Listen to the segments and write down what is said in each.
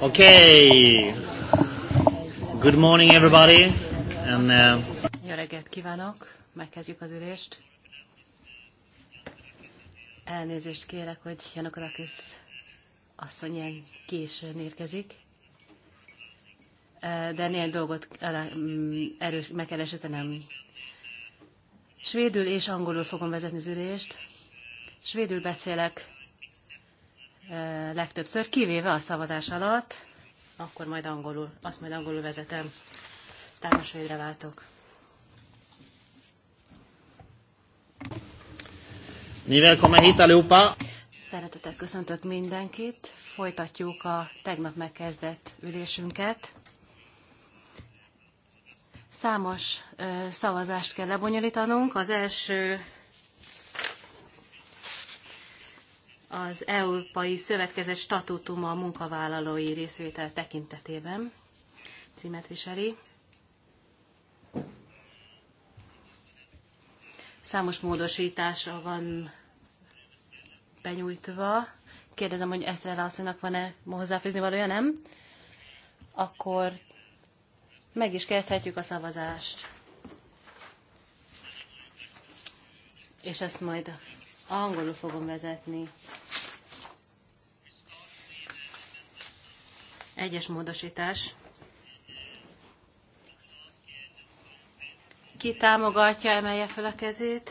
Okay. Good morning everybody. And, uh... Jó reggelt kívánok, megkezdjük az ülést. Elnézést kérek, hogy Janokrakis asszony ilyen későn érkezik. Eh, de néhány dolgot mm, erős, meg kell esetenem. Svédül és angolul fogom vezetni az ülést. Svédül beszélek, legtöbbször, kivéve a szavazás alatt, akkor majd angolul, azt majd angolul vezetem. Támasvédre váltok. Ni välkomna hit allihopa! Szeretettel köszöntök mindenkit. Folytatjuk a tegnap megkezdett ülésünket. Számos szavazást kell lebonyolítanunk. Az első az Európai Szövetkezet statútuma a munkavállalói részvétel tekintetében címet viseli. Számos módosítása van benyújtva. Kérdezem, hogy Eszter asszonynak van-e hozzáfűzni valója, nem? Akkor meg is kezdhetjük a szavazást. És ezt majd Angolul fogom vezetni. Egyes módosítás. Ki támogatja, emelje fel a kezét.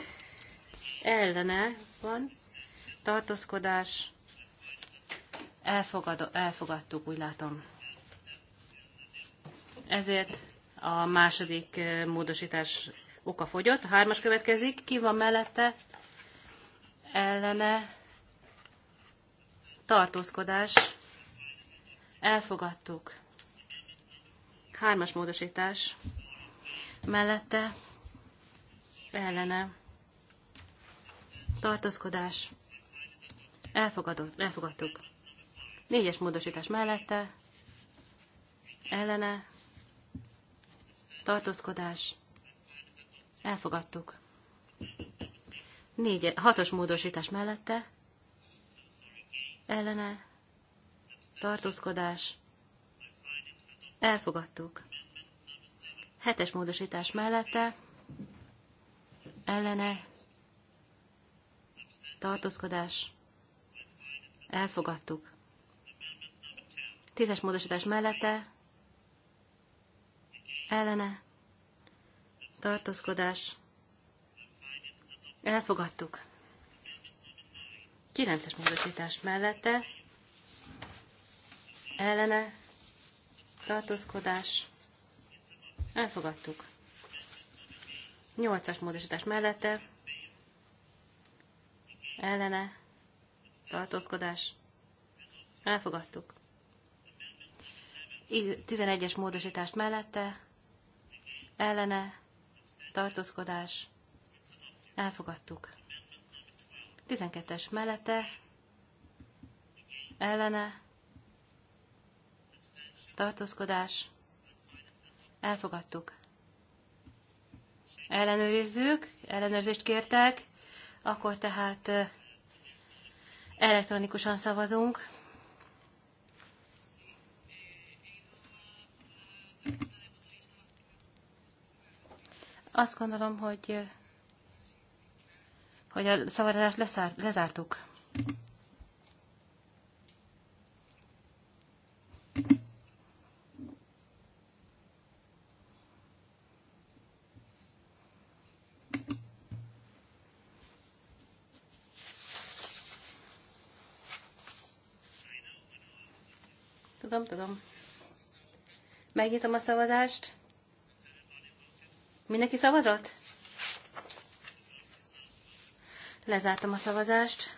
Ellene van. Tartózkodás. Elfogad, elfogadtuk, úgy látom. Ezért a második eh, módosítás oka fogyott. A hármas következik. Ki van mellette? ellene tartózkodás elfogadtuk. Hármas módosítás mellette ellene tartózkodás elfogadott, elfogadtuk. Négyes módosítás mellette ellene tartózkodás elfogadtuk. Négy, hatos módosítás mellette ellene tartózkodás elfogadtuk. Hetes módosítás mellette ellene tartózkodás elfogadtuk. Tízes módosítás mellette ellene tartózkodás Elfogadtuk. 9-es módosítás mellette ellene tartózkodás. Elfogadtuk. 8-as módosítás mellette ellene tartózkodás. Elfogadtuk. 11-es módosítás mellette ellene tartózkodás. Elfogadtuk. 12-es mellette, ellene, tartózkodás, elfogadtuk. Ellenőrizzük, ellenőrzést kértek, akkor tehát elektronikusan szavazunk. Azt gondolom, hogy hogy a szavazást leszárt, lezártuk. Tudom, tudom. Megnyitom a szavazást. Mindenki szavazott? Lezártam a szavazást.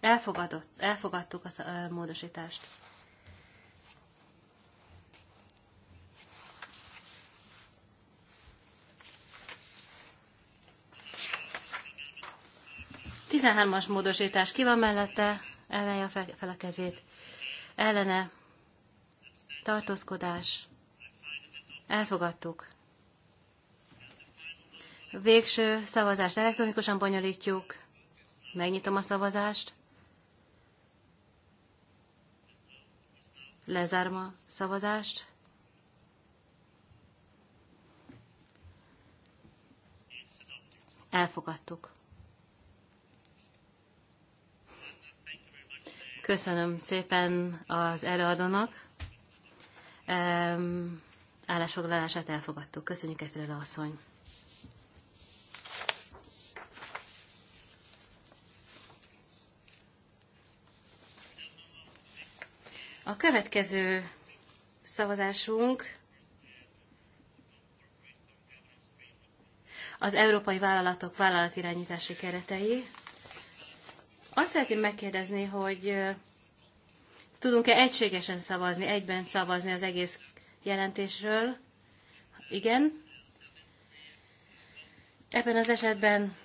Elfogadott, elfogadtuk a módosítást. Tizenhármas módosítás ki van mellette, emelje fel a kezét. Ellene, tartózkodás, elfogadtuk. Végső szavazást elektronikusan bonyolítjuk. Megnyitom a szavazást. Lezárom a szavazást. Elfogadtuk. Köszönöm szépen az előadónak. állásfoglalását elfogadtuk. Köszönjük ezt a asszony. A következő szavazásunk az európai vállalatok vállalatirányítási keretei. Azt szeretném megkérdezni, hogy tudunk-e egységesen szavazni, egyben szavazni az egész jelentésről? Igen. Ebben az esetben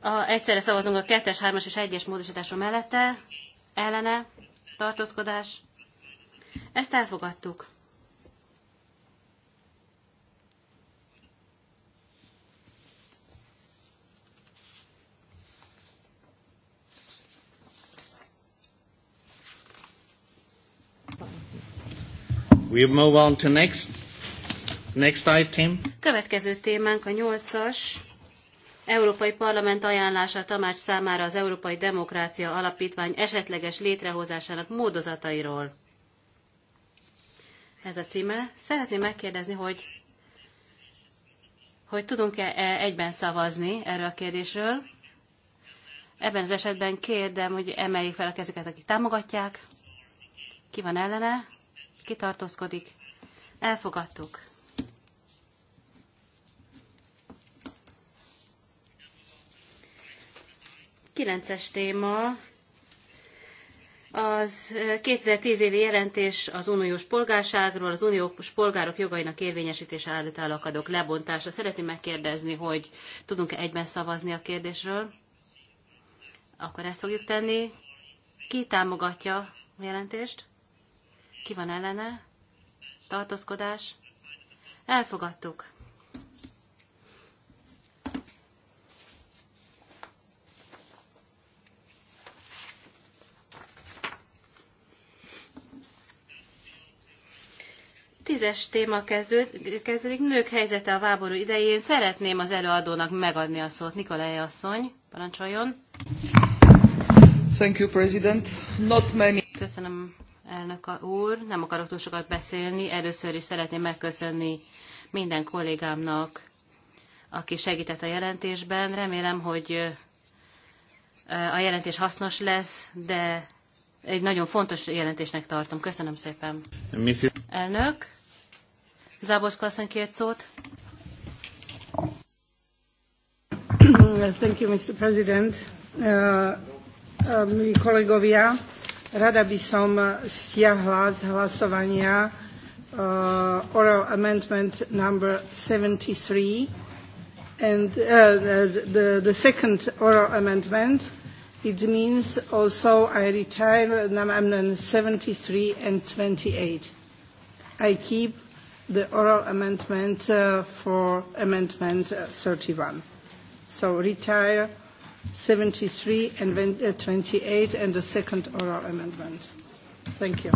a, egyszerre szavazunk a 2-es, 3-as és 1-es módosításra mellette, ellene, tartózkodás. Ezt elfogadtuk. We move on to next, next item. Következő témánk a nyolcas Európai Parlament ajánlása a tanács számára az Európai Demokrácia Alapítvány esetleges létrehozásának módozatairól. Ez a címe. Szeretném megkérdezni, hogy, hogy tudunk-e e, egyben szavazni erről a kérdésről. Ebben az esetben kérdem, hogy emeljék fel a kezüket, akik támogatják. Ki van ellene? Ki tartózkodik? Elfogadtuk. Kilences téma az 2010 évi jelentés az uniós polgárságról, az uniós polgárok jogainak érvényesítése előtt állakadók lebontása. Szeretném megkérdezni, hogy tudunk-e egyben szavazni a kérdésről? Akkor ezt fogjuk tenni. Ki támogatja a jelentést? Ki van ellene? Tartózkodás? Elfogadtuk. tízes téma kezdőd, kezdődik, nők helyzete a váború idején. Szeretném az előadónak megadni a szót. Nikolaj asszony, parancsoljon. Thank you, President. Not many... Köszönöm, elnök úr. Nem akarok túl sokat beszélni. Először is szeretném megköszönni minden kollégámnak, aki segített a jelentésben. Remélem, hogy a jelentés hasznos lesz, de egy nagyon fontos jelentésnek tartom. Köszönöm szépen. Mrs. Elnök. Záborszka asszony kért szót. Thank you, Mr. President. Uh, uh, milí kolegovia, rada by som stiahla z hlasovania uh, oral amendment number 73 and uh, the, the second oral amendment. It means also I retire amendment 73 and 28. I keep the oral amendment uh, for amendment uh, 31. So retire 73 and 28 uh, and the second oral amendment. Thank you.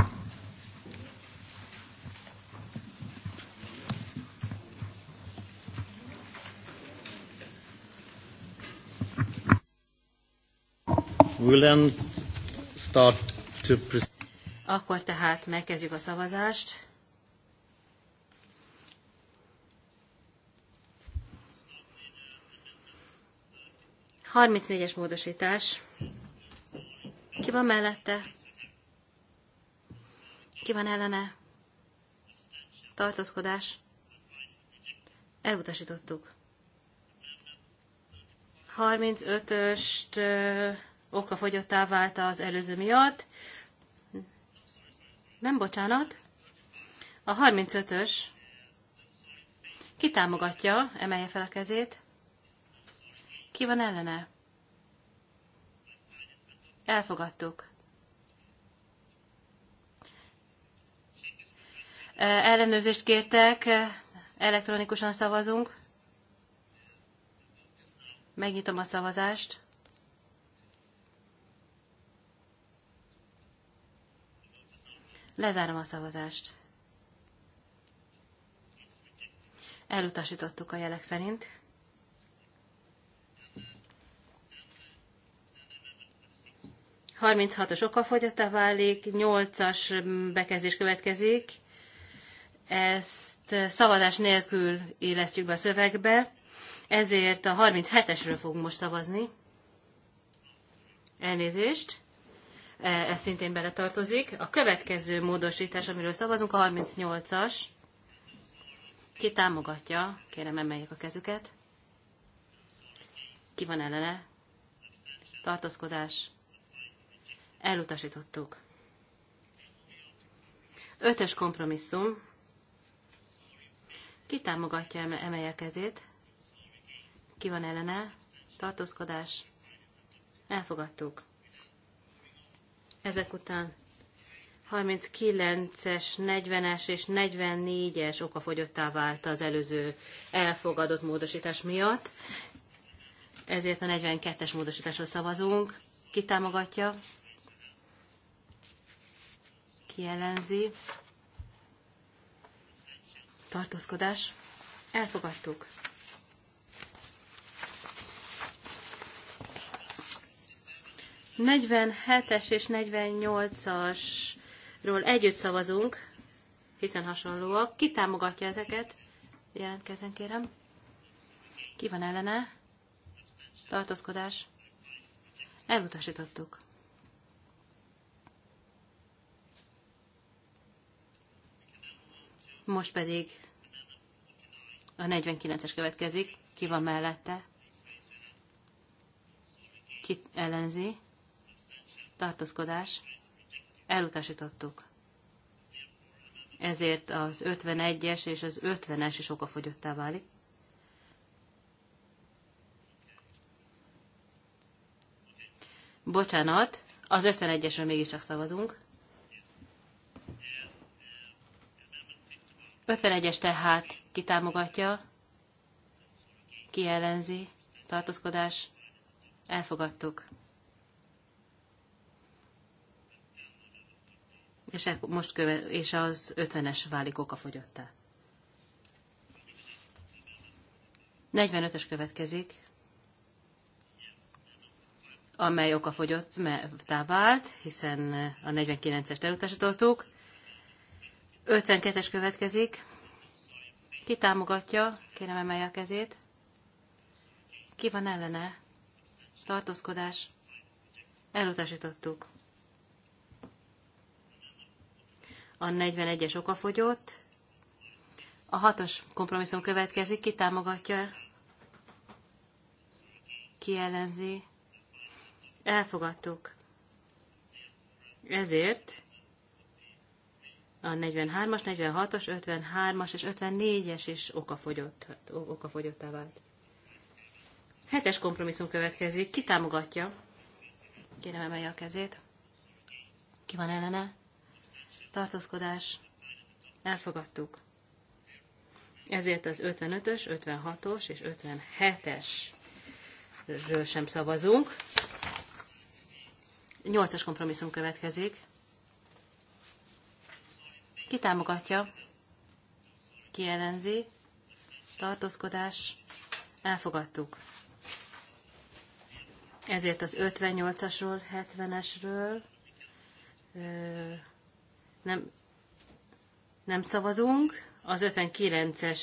We'll then start to Akkor tehát megkezdjük a szavazást. 34-es módosítás. Ki van mellette? Ki van ellene? Tartózkodás. Elutasítottuk. 35-öst okafogyottá vált az előző miatt. Nem bocsánat. A 35-ös kitámogatja, emelje fel a kezét. Ki van ellene? Elfogadtuk. Ellenőrzést kértek, elektronikusan szavazunk. Megnyitom a szavazást. Lezárom a szavazást. Elutasítottuk a jelek szerint. 36-os okafogyata válik, 8-as bekezdés következik. Ezt szavazás nélkül élesztjük be a szövegbe, ezért a 37-esről fogunk most szavazni. Elnézést. E, ez szintén beletartozik. A következő módosítás, amiről szavazunk, a 38-as. Ki támogatja? Kérem, emeljék a kezüket. Ki van ellene? Tartózkodás Elutasítottuk. Ötös kompromisszum. Ki támogatja emelje kezét? Ki van ellene? Tartózkodás. Elfogadtuk. Ezek után 39-es, 40-es és 44-es okafogyottá vált az előző elfogadott módosítás miatt. Ezért a 42-es módosításra szavazunk. Ki támogatja? ki ellenzi, tartózkodás, elfogadtuk. Negyvenhetes és 48-asról együtt szavazunk, hiszen hasonlóak. Ki támogatja ezeket? Jelentkezzen kérem. Ki van ellene? Tartózkodás. Elutasítottuk. Most pedig a 49-es következik. Ki van mellette? Ki ellenzi? Tartózkodás. Elutasítottuk. Ezért az 51-es és az 50-es is okafogyottá válik. Bocsánat, az 51-esről mégiscsak szavazunk. 51-es tehát kitámogatja, kielenzi, tartózkodás, elfogadtuk. És, e- most köve, és az 50-es válik okafogyottá. 45-ös következik, amely okafogyott, mert vált, hiszen a 49-est elutasítottuk. 52-es következik. Ki támogatja? Kérem emelje a kezét. Ki van ellene? Tartózkodás. Elutasítottuk. A 41-es okafogyott. A 6-os kompromisszum következik. Ki támogatja? Ki ellenzi? Elfogadtuk. Ezért a 43-as, 46-as, 53-as és 54-es is okafogyott, okafogyottá vált. Hetes kompromisszum következik. Ki támogatja? Kérem emelje a kezét. Ki van ellene? Tartózkodás. Elfogadtuk. Ezért az 55-ös, 56-os és 57-esről sem szavazunk. 8-as kompromisszum következik. Ki támogatja? Ki ellenzi? Tartózkodás. Elfogadtuk. Ezért az 58-asról, 70-esről nem, nem szavazunk. Az 59-es,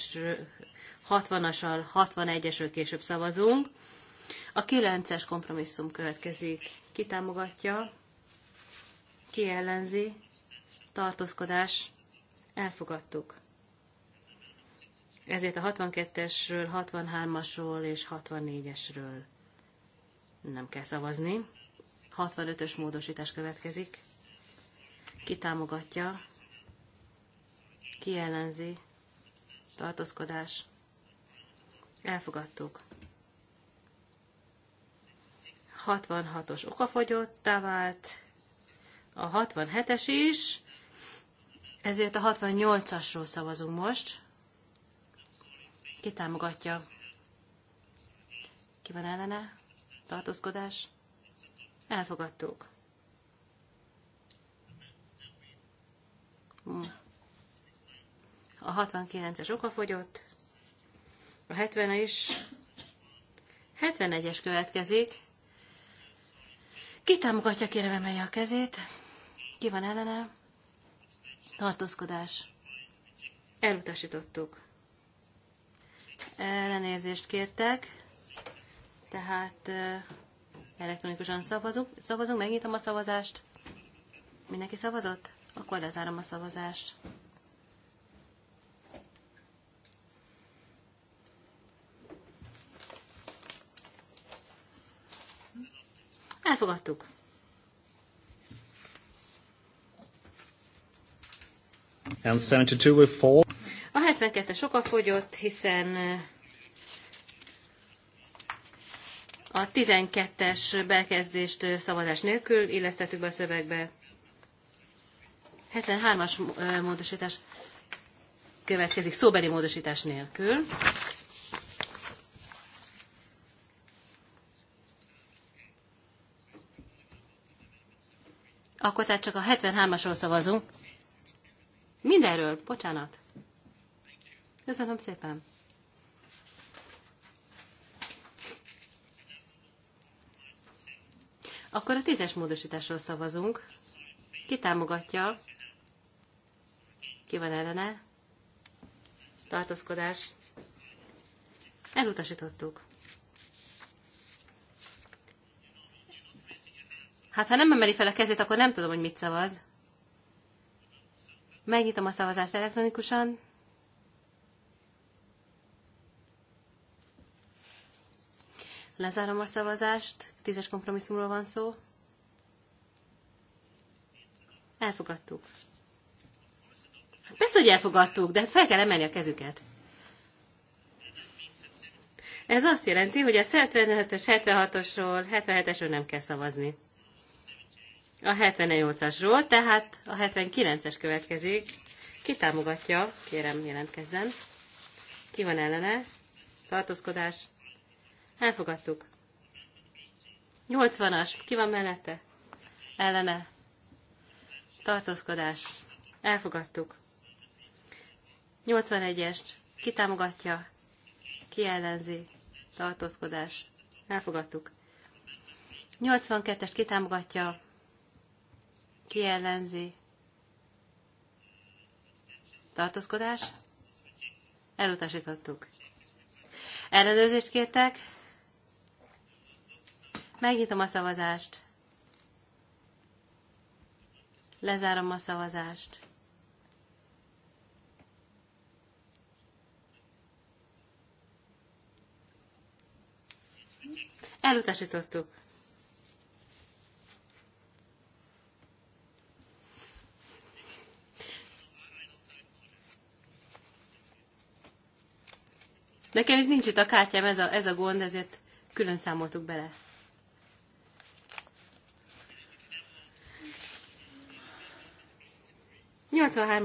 60-asal, 61-esről később szavazunk. A 9-es kompromisszum következik. Ki támogatja? Ki ellenzi? Tartózkodás elfogadtuk. Ezért a 62-esről, 63-asról és 64-esről nem kell szavazni. 65-ös módosítás következik. Ki támogatja, ki ellenzi, tartózkodás. Elfogadtuk. 66-os okafogyottá vált, a 67-es is, ezért a 68-asról szavazunk most. Ki támogatja? Ki van ellene? Tartózkodás? Elfogadtuk. Hm. A 69-es okafogyott, a 70 is, 71-es következik. Ki támogatja, kérem emelje a kezét. Ki van ellene? tartózkodás. Elutasítottuk. Ellenérzést kértek, tehát elektronikusan szavazunk. Szavazunk, megnyitom a szavazást. Mindenki szavazott? Akkor lezárom a szavazást. Elfogadtuk. And 72 with fall. A 72-es fogyott, hiszen eh, a 12-es bekezdést eh, szavazás nélkül illesztettük be a szövegbe. 73-as eh, módosítás következik szóbeli módosítás nélkül. Akkor tehát csak a 73-asról szavazunk. Mindenről, bocsánat. Köszönöm szépen. Akkor a tízes módosításról szavazunk. Ki támogatja? Ki van ellene? Tartózkodás. Elutasítottuk. Hát ha nem emeli fel a kezét, akkor nem tudom, hogy mit szavaz. Megnyitom a szavazást elektronikusan. Lezárom a szavazást. Tízes kompromisszumról van szó. Elfogadtuk. Hát persze, hogy elfogadtuk, de hát fel kell emelni a kezüket. Ez azt jelenti, hogy a 75 es 76-osról, 77-esről nem kell szavazni a 78-asról, tehát a 79-es következik. Ki támogatja? Kérem, jelentkezzen. Ki van ellene? Tartózkodás. Elfogadtuk. 80-as. Ki van mellette? Ellene. Tartózkodás. Elfogadtuk. 81 es Ki támogatja? Ki ellenzi? Tartózkodás. Elfogadtuk. 82-est kitámogatja, ki ellenzi? Tartózkodás? Elutasítottuk. Ellenőrzést kértek? Megnyitom a szavazást. Lezárom a szavazást. Elutasítottuk. Nekem itt nincs itt a kártyám, ez a, ez a gond, ezért külön számoltuk bele.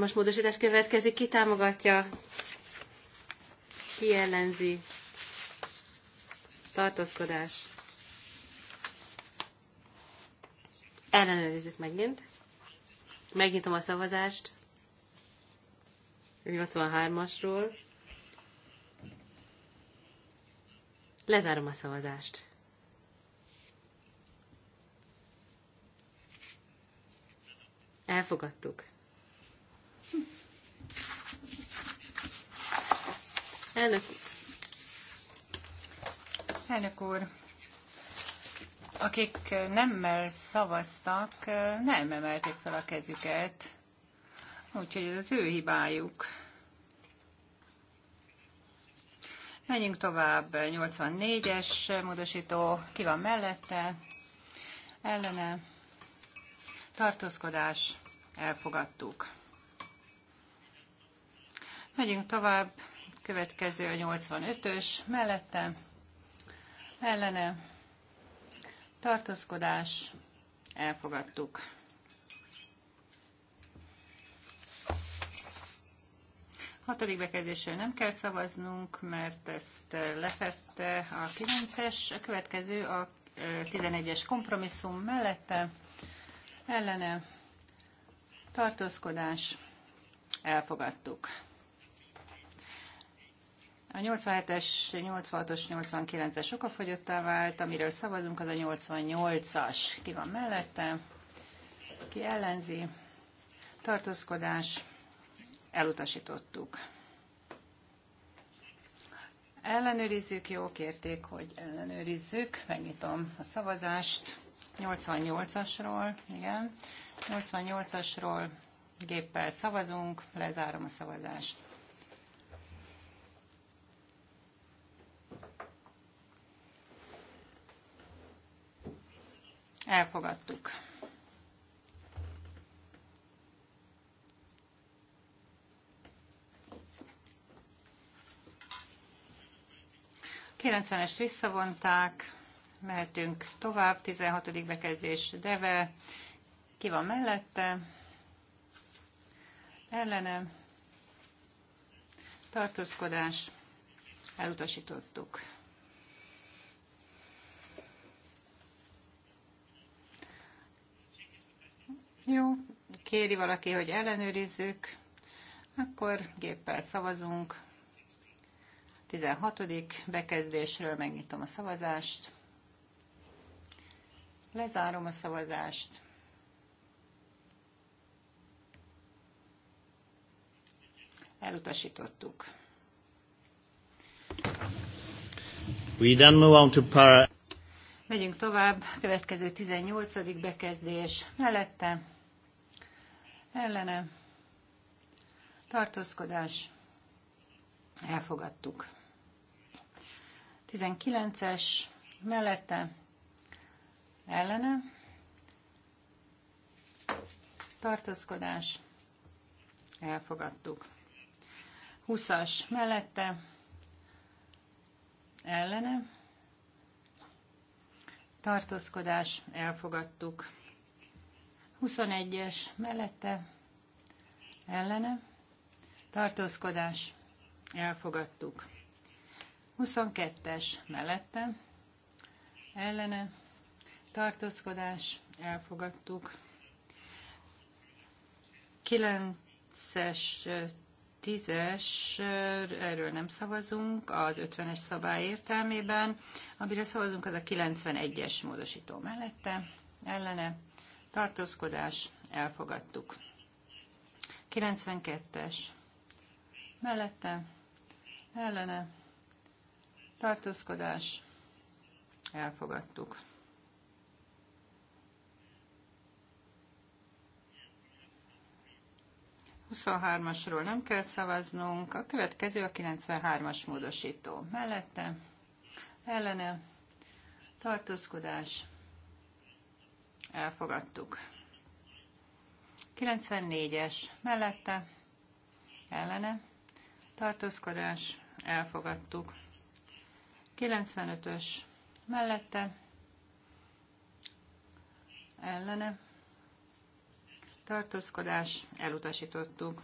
as módosítás következik, ki támogatja, ki ellenzi, tartózkodás. Ellenőrizzük megint. Megnyitom a szavazást. 83-asról. Lezárom a szavazást. Elfogadtuk. Elnök, Elnök úr, akik nemmel szavaztak, nem emelték fel a kezüket, úgyhogy ez az ő hibájuk. Menjünk tovább, 84-es módosító, ki van mellette, ellene, tartózkodás, elfogadtuk. Megyünk tovább, következő a 85-ös, mellette, ellene, tartózkodás, elfogadtuk. Hatodik bekezdésről nem kell szavaznunk, mert ezt eh, lefette a 9-es. A következő a 11-es eh, kompromisszum mellette ellene tartózkodás elfogadtuk. A 87-es, 86-os, 89-es okafogyottá vált, amiről szavazunk, az a 88-as. Ki van mellette? Ki ellenzi? Tartózkodás elutasítottuk. Ellenőrizzük, jó, kérték, hogy ellenőrizzük. Megnyitom a szavazást 88-asról, igen. 88-asról géppel szavazunk, lezárom a szavazást. Elfogadtuk. 90-est visszavonták, mehetünk tovább, 16. bekezdés deve, ki van mellette, ellenem, tartózkodás, elutasítottuk. Jó, kéri valaki, hogy ellenőrizzük, akkor géppel szavazunk. 16. bekezdésről megnyitom a szavazást. Lezárom a szavazást. Elutasítottuk. We then move on to para... Megyünk tovább, következő 18. bekezdés. Mellette, ellene, tartózkodás, elfogadtuk. 19-es mellette ellene tartózkodás elfogadtuk. 20-as mellette ellene tartózkodás elfogadtuk. 21-es mellette ellene tartózkodás elfogadtuk. 22-es mellette ellene tartózkodás elfogadtuk. 9-es, 10-es, erről nem szavazunk, az 50-es szabály értelmében. Amire szavazunk, az a 91-es módosító mellette ellene tartózkodás elfogadtuk. 92-es mellette ellene tartózkodás, elfogadtuk. Huszonhármasról nem kell szavaznunk. A következő a 93-as módosító. Mellette, ellene, tartózkodás, elfogadtuk. 94-es, mellette, ellene, tartózkodás, elfogadtuk. 95-ös mellette, ellene, tartózkodás, elutasítottuk.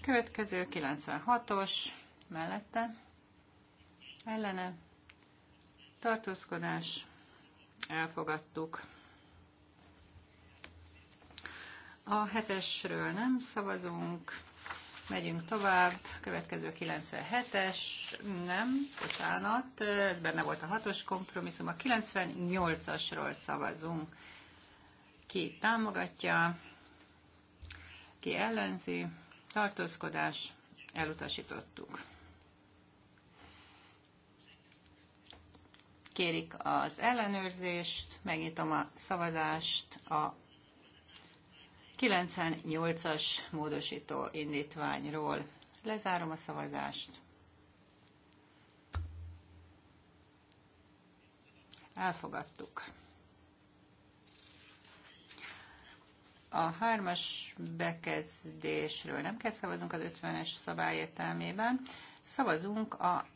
Következő 96-os, mellette, ellene, tartózkodás, elfogadtuk. A hetesről nem szavazunk. Megyünk tovább, következő 97-es, nem, bocsánat, benne volt a hatos kompromisszum, a 98-asról szavazunk. Ki támogatja, ki ellenzi, tartózkodás, elutasítottuk. Kérik az ellenőrzést, megnyitom a szavazást a 98-as módosító indítványról. Lezárom a szavazást. Elfogadtuk. A hármas bekezdésről nem kell szavazunk az 50-es szabály értelmében. Szavazunk a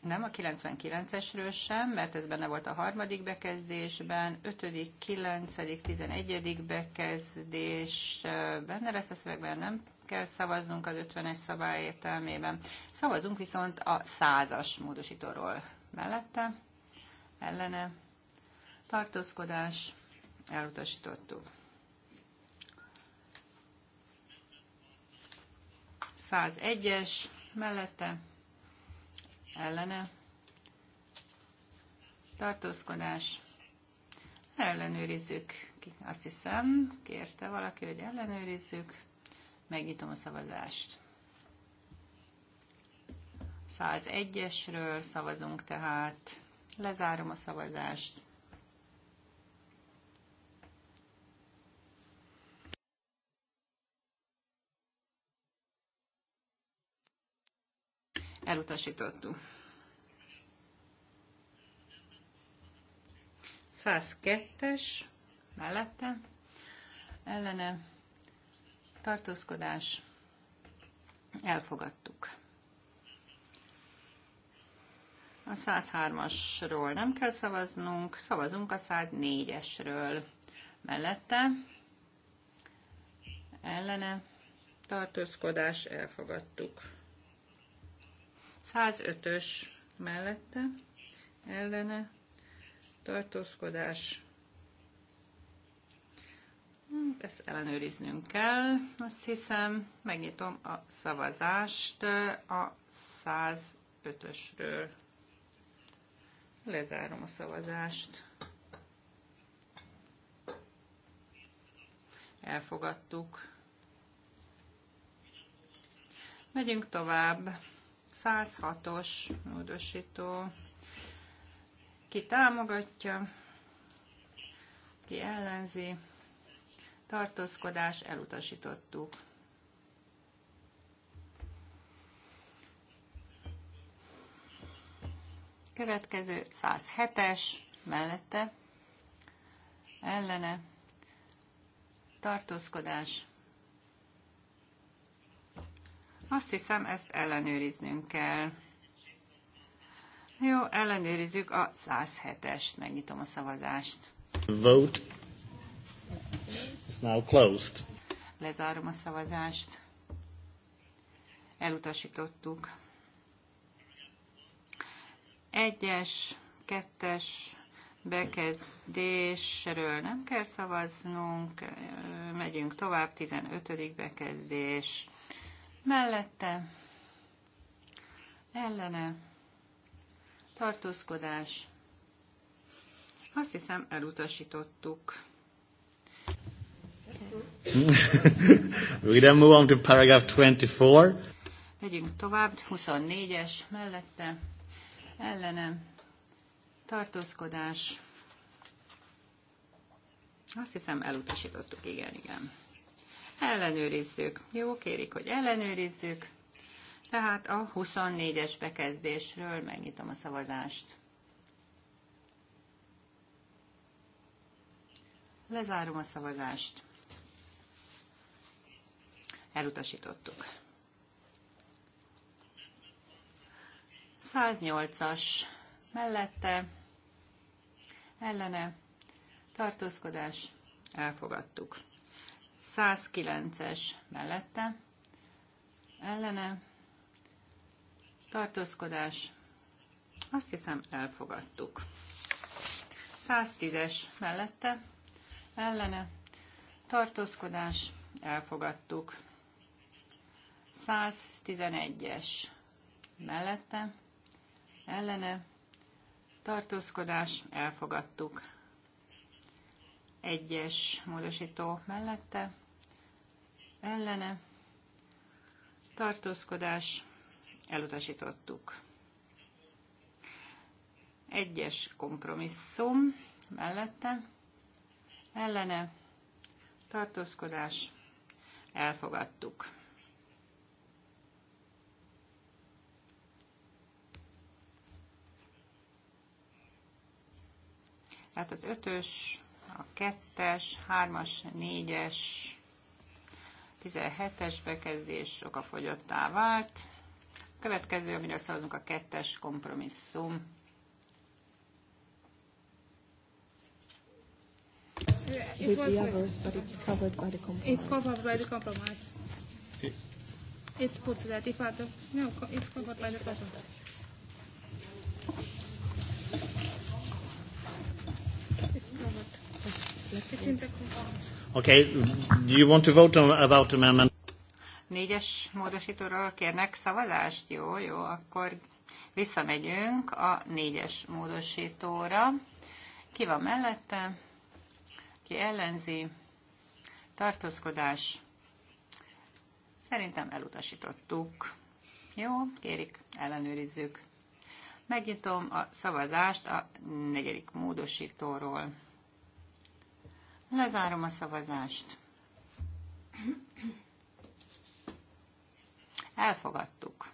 nem a 99-esről sem, mert ez benne volt a harmadik bekezdésben, 5., 9., 11. bekezdés benne lesz a szövegben, nem kell szavaznunk az 50-es szabály értelmében. Szavazunk viszont a 100-as módosítóról mellette, ellene, tartózkodás, elutasítottuk. 101-es mellette, ellene, tartózkodás, ellenőrizzük, azt hiszem, kérte valaki, hogy ellenőrizzük, megnyitom a szavazást. 101-esről szavazunk tehát, lezárom a szavazást. Elutasítottuk. 102-es mellette ellene tartózkodás elfogadtuk. A 103-asról nem kell szavaznunk, szavazunk a 104-esről. Mellette ellene tartózkodás elfogadtuk. 105-ös mellette ellene tartózkodás. Hm, ezt ellenőriznünk kell, azt hiszem. Megnyitom a szavazást a 105-ösről. Lezárom a szavazást. Elfogadtuk. Megyünk tovább. 106-os módosító. Ki támogatja, ki ellenzi, tartózkodás elutasítottuk. Következő 107-es mellette ellene tartózkodás azt hiszem, ezt ellenőriznünk kell. Jó, ellenőrizzük a 107-est. Megnyitom a szavazást. Vote is now closed. Lezárom a szavazást. Elutasítottuk. Egyes, kettes, bekezdésről nem kell szavaznunk, megyünk tovább, 15. bekezdés, mellette, ellene, tartózkodás. Azt hiszem, elutasítottuk. We then move on to paragraph 24. Megyünk tovább, 24-es mellette, ellenem, tartózkodás. Azt hiszem, elutasítottuk, igen, igen. Ellenőrizzük. Jó, kérik, hogy ellenőrizzük. Tehát a 24-es bekezdésről megnyitom a szavazást. Lezárom a szavazást. Elutasítottuk. 108-as mellette, ellene, tartózkodás, elfogadtuk. 109-es mellette, ellene, tartózkodás, azt hiszem elfogadtuk. 110-es mellette, ellene, tartózkodás, elfogadtuk. 111-es mellette, ellene, tartózkodás, elfogadtuk. Egyes módosító mellette, ellene tartózkodás elutasítottuk. Egyes kompromisszum mellette ellene tartózkodás elfogadtuk. Tehát az ötös, a kettes, hármas, négyes, 17-es bekezdés a okafogyottá vált. Következő, amiről szavazunk, a kettes kompromisszum. With the others, but it's covered compromise. It's covered by the compromise. It's put that if I don't, no, it's covered by the compromise. It's covered. It's in the compromise. Okay, do you want to vote on, about amendment? Négyes módosítóról kérnek szavazást? Jó, jó, akkor visszamegyünk a négyes módosítóra. Ki van mellette? Ki ellenzi? Tartózkodás? Szerintem elutasítottuk. Jó, kérik, ellenőrizzük. Megnyitom a szavazást a negyedik módosítóról. Lezárom a szavazást. Elfogadtuk.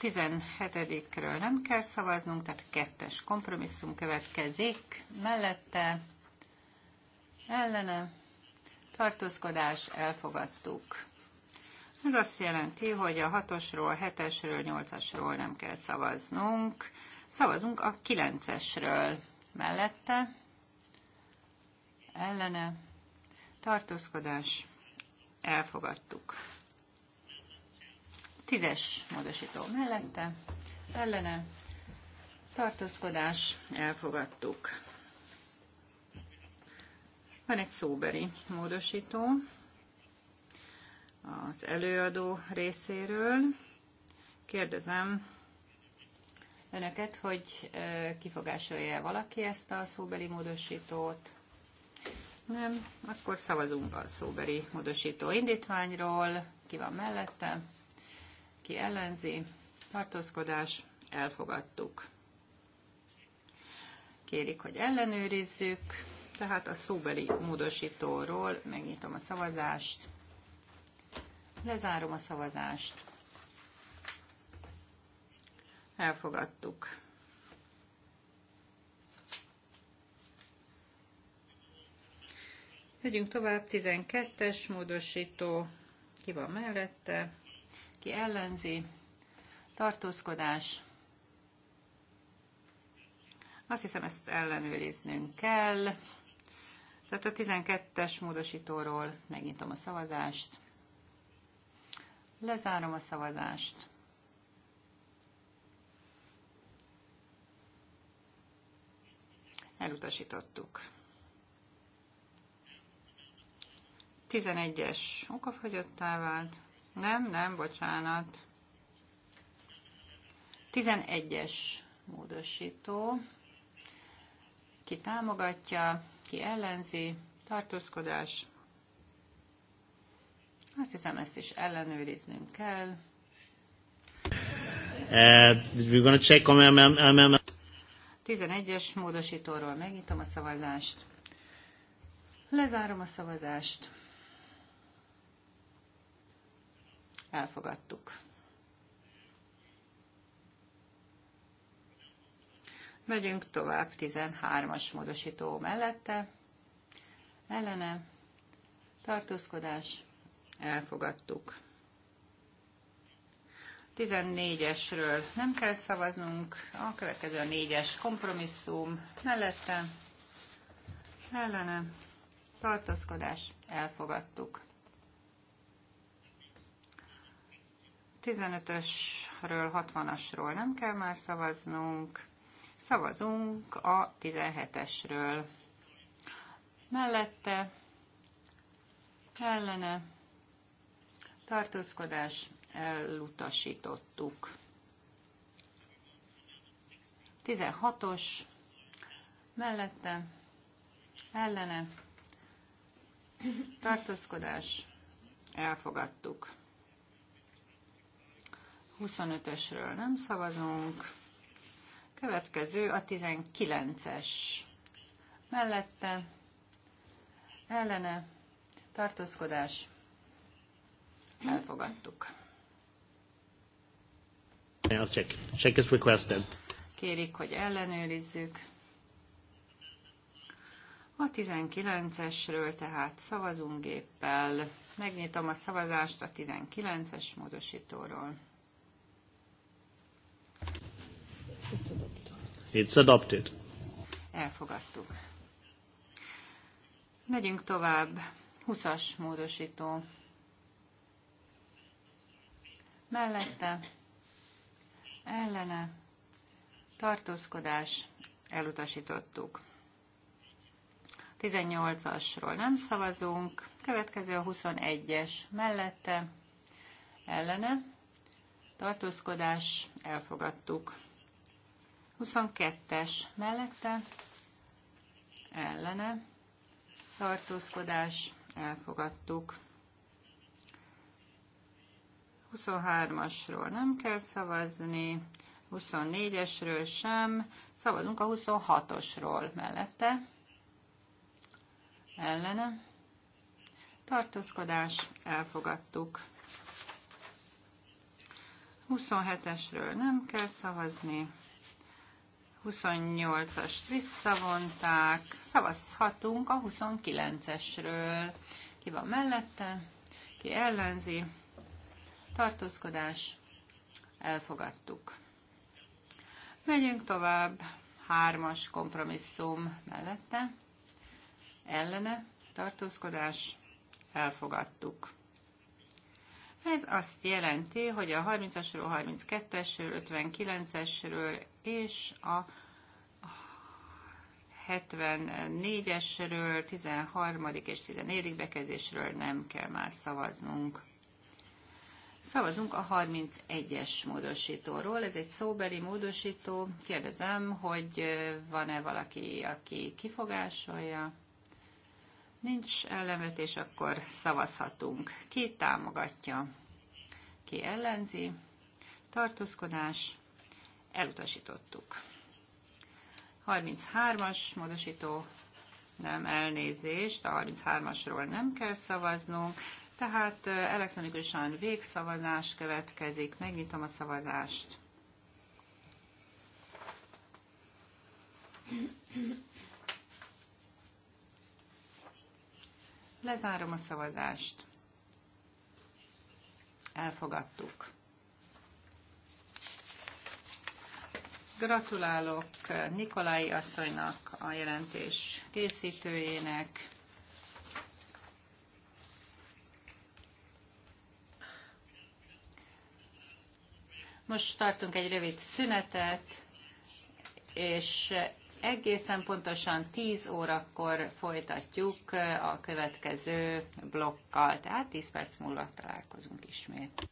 17-ről nem kell szavaznunk, tehát kettes kompromisszum következik. Mellette ellene tartózkodás elfogadtuk. Ez azt jelenti, hogy a 6-osról, 7-esről, 8-asról nem kell szavaznunk. Szavazunk a 9-esről mellette, ellene, tartózkodás, elfogadtuk. Tízes módosító mellette, ellene, tartózkodás, elfogadtuk. Van egy szóberi módosító az előadó részéről. Kérdezem, önöket, hogy kifogásolja valaki ezt a szóbeli módosítót. Nem, akkor szavazunk a szóbeli módosító indítványról. Ki van mellette? Ki ellenzi? Tartózkodás. Elfogadtuk. Kérik, hogy ellenőrizzük. Tehát a szóbeli módosítóról megnyitom a szavazást. Lezárom a szavazást. Elfogadtuk. Megyünk tovább, 12-es módosító, ki van mellette, ki ellenzi, tartózkodás. Azt hiszem, ezt ellenőriznünk kell. Tehát a 12-es módosítóról megnyitom a szavazást. Lezárom a szavazást. elutasítottuk. 11-es okafogyottá vált. Nem, nem, bocsánat. 11-es módosító. Ki támogatja, ki ellenzi, tartózkodás. Azt hiszem, ezt is ellenőriznünk kell. Uh, we're gonna check on 11-es módosítóról megnyitom a szavazást. Lezárom a szavazást. Elfogadtuk. Megyünk tovább 13-as módosító mellette. Ellene. Tartózkodás. Elfogadtuk. 14-esről nem kell szavaznunk, a következő a 4-es kompromisszum mellette, ellene, tartózkodás, elfogadtuk. 15-ösről, 60-asról nem kell már szavaznunk, szavazunk a 17-esről. Mellette, ellene, tartózkodás, elutasítottuk. 16-os mellette ellene tartózkodás elfogadtuk. 25-ösről nem szavazunk. Következő a 19-es mellette ellene tartózkodás elfogadtuk. I'll check. Check is requested. Kérik, hogy ellenőrizzük. A 19-esről tehát szavazunk géppel. Megnyitom a szavazást a 19-es módosítóról. It's adopted. It's adopted. Elfogadtuk. Megyünk tovább. 20-as módosító. Mellette ellene tartózkodás elutasítottuk. 18-asról nem szavazunk, következő a 21-es mellette ellene tartózkodás elfogadtuk. 22-es mellette ellene tartózkodás elfogadtuk. 23-asról nem kell szavazni, 24-esről sem, szavazunk a 26-osról mellette, ellene, tartózkodás, elfogadtuk. 27-esről nem kell szavazni, 28-ast visszavonták, szavazhatunk a 29-esről. Ki van mellette, ki ellenzi, tartózkodás, elfogadtuk. Megyünk tovább, hármas kompromisszum mellette, ellene, tartózkodás, elfogadtuk. Ez azt jelenti, hogy a 30-asról, 32-esről, 59-esről és a 74-esről, 13. és 14. bekezésről nem kell már szavaznunk. Szavazunk a 31-es módosítóról. Ez egy szóbeli módosító. Kérdezem, hogy van-e valaki, aki kifogásolja? Nincs ellenvetés, akkor szavazhatunk. Ki támogatja? Ki ellenzi? Tartózkodás? Elutasítottuk. 33-as módosító nem elnézést, a 33-asról nem kell szavaznunk. Tehát elektronikusan végszavazás következik. Megnyitom a szavazást. Lezárom a szavazást. Elfogadtuk. Gratulálok Nikolai asszonynak, a jelentés készítőjének. Most tartunk egy rövid szünetet, és egészen pontosan 10 órakor folytatjuk a következő blokkal, tehát 10 perc múlva találkozunk ismét.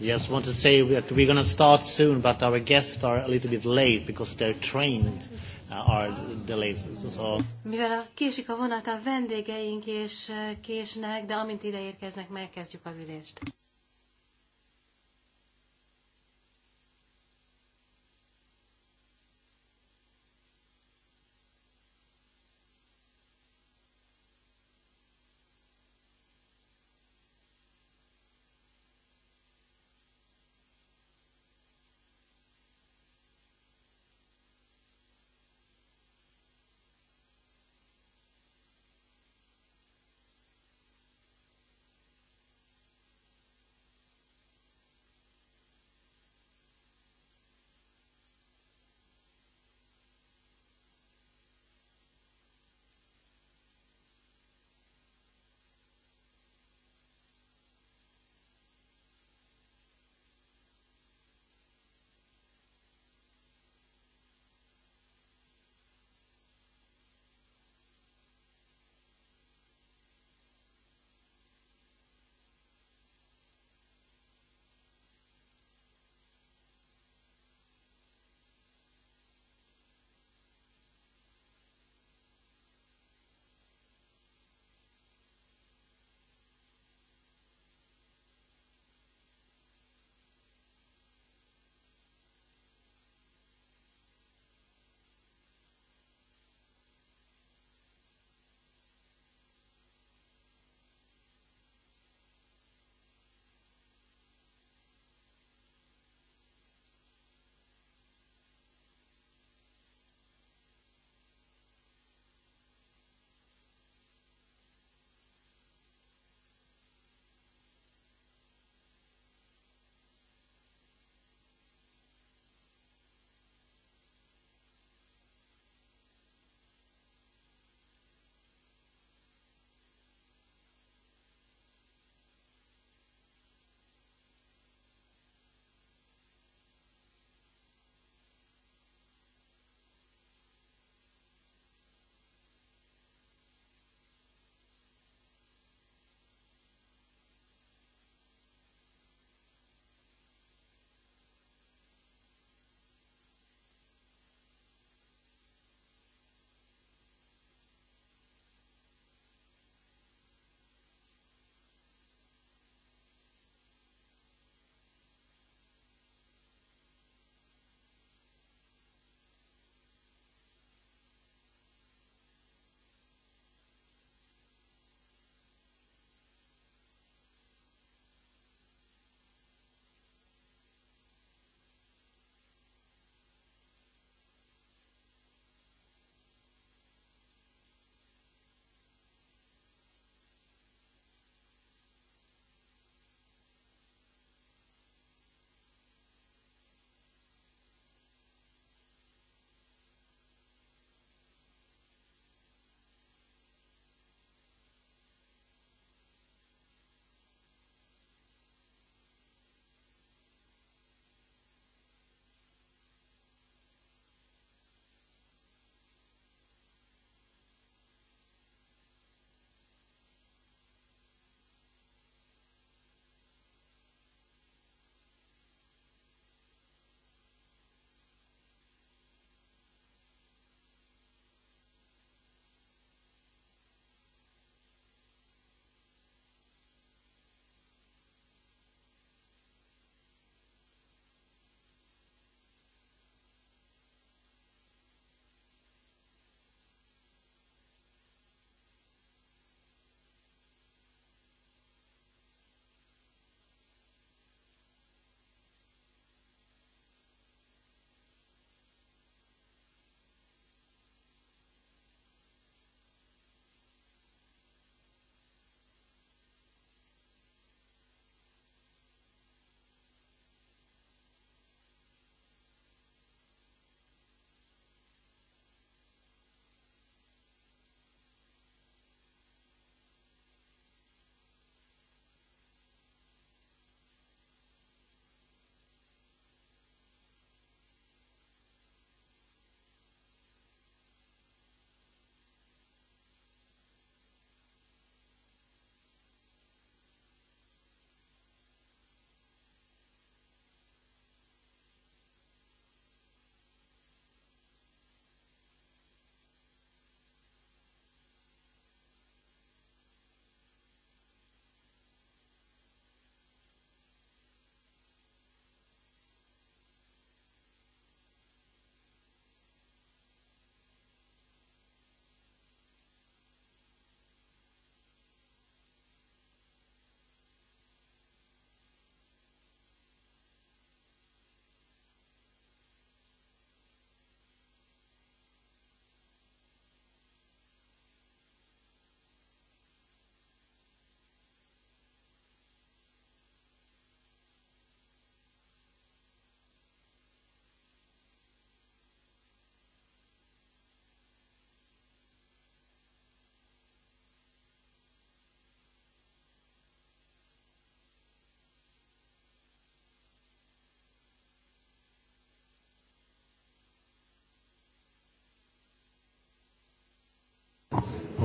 Yes, want to say that we're going to start soon, but our guests are a little bit late because they're trained, uh, are delays. So. Mivel a késik a vonat, a vendégeink és uh, késnek, de amint ide érkeznek, megkezdjük az ülést.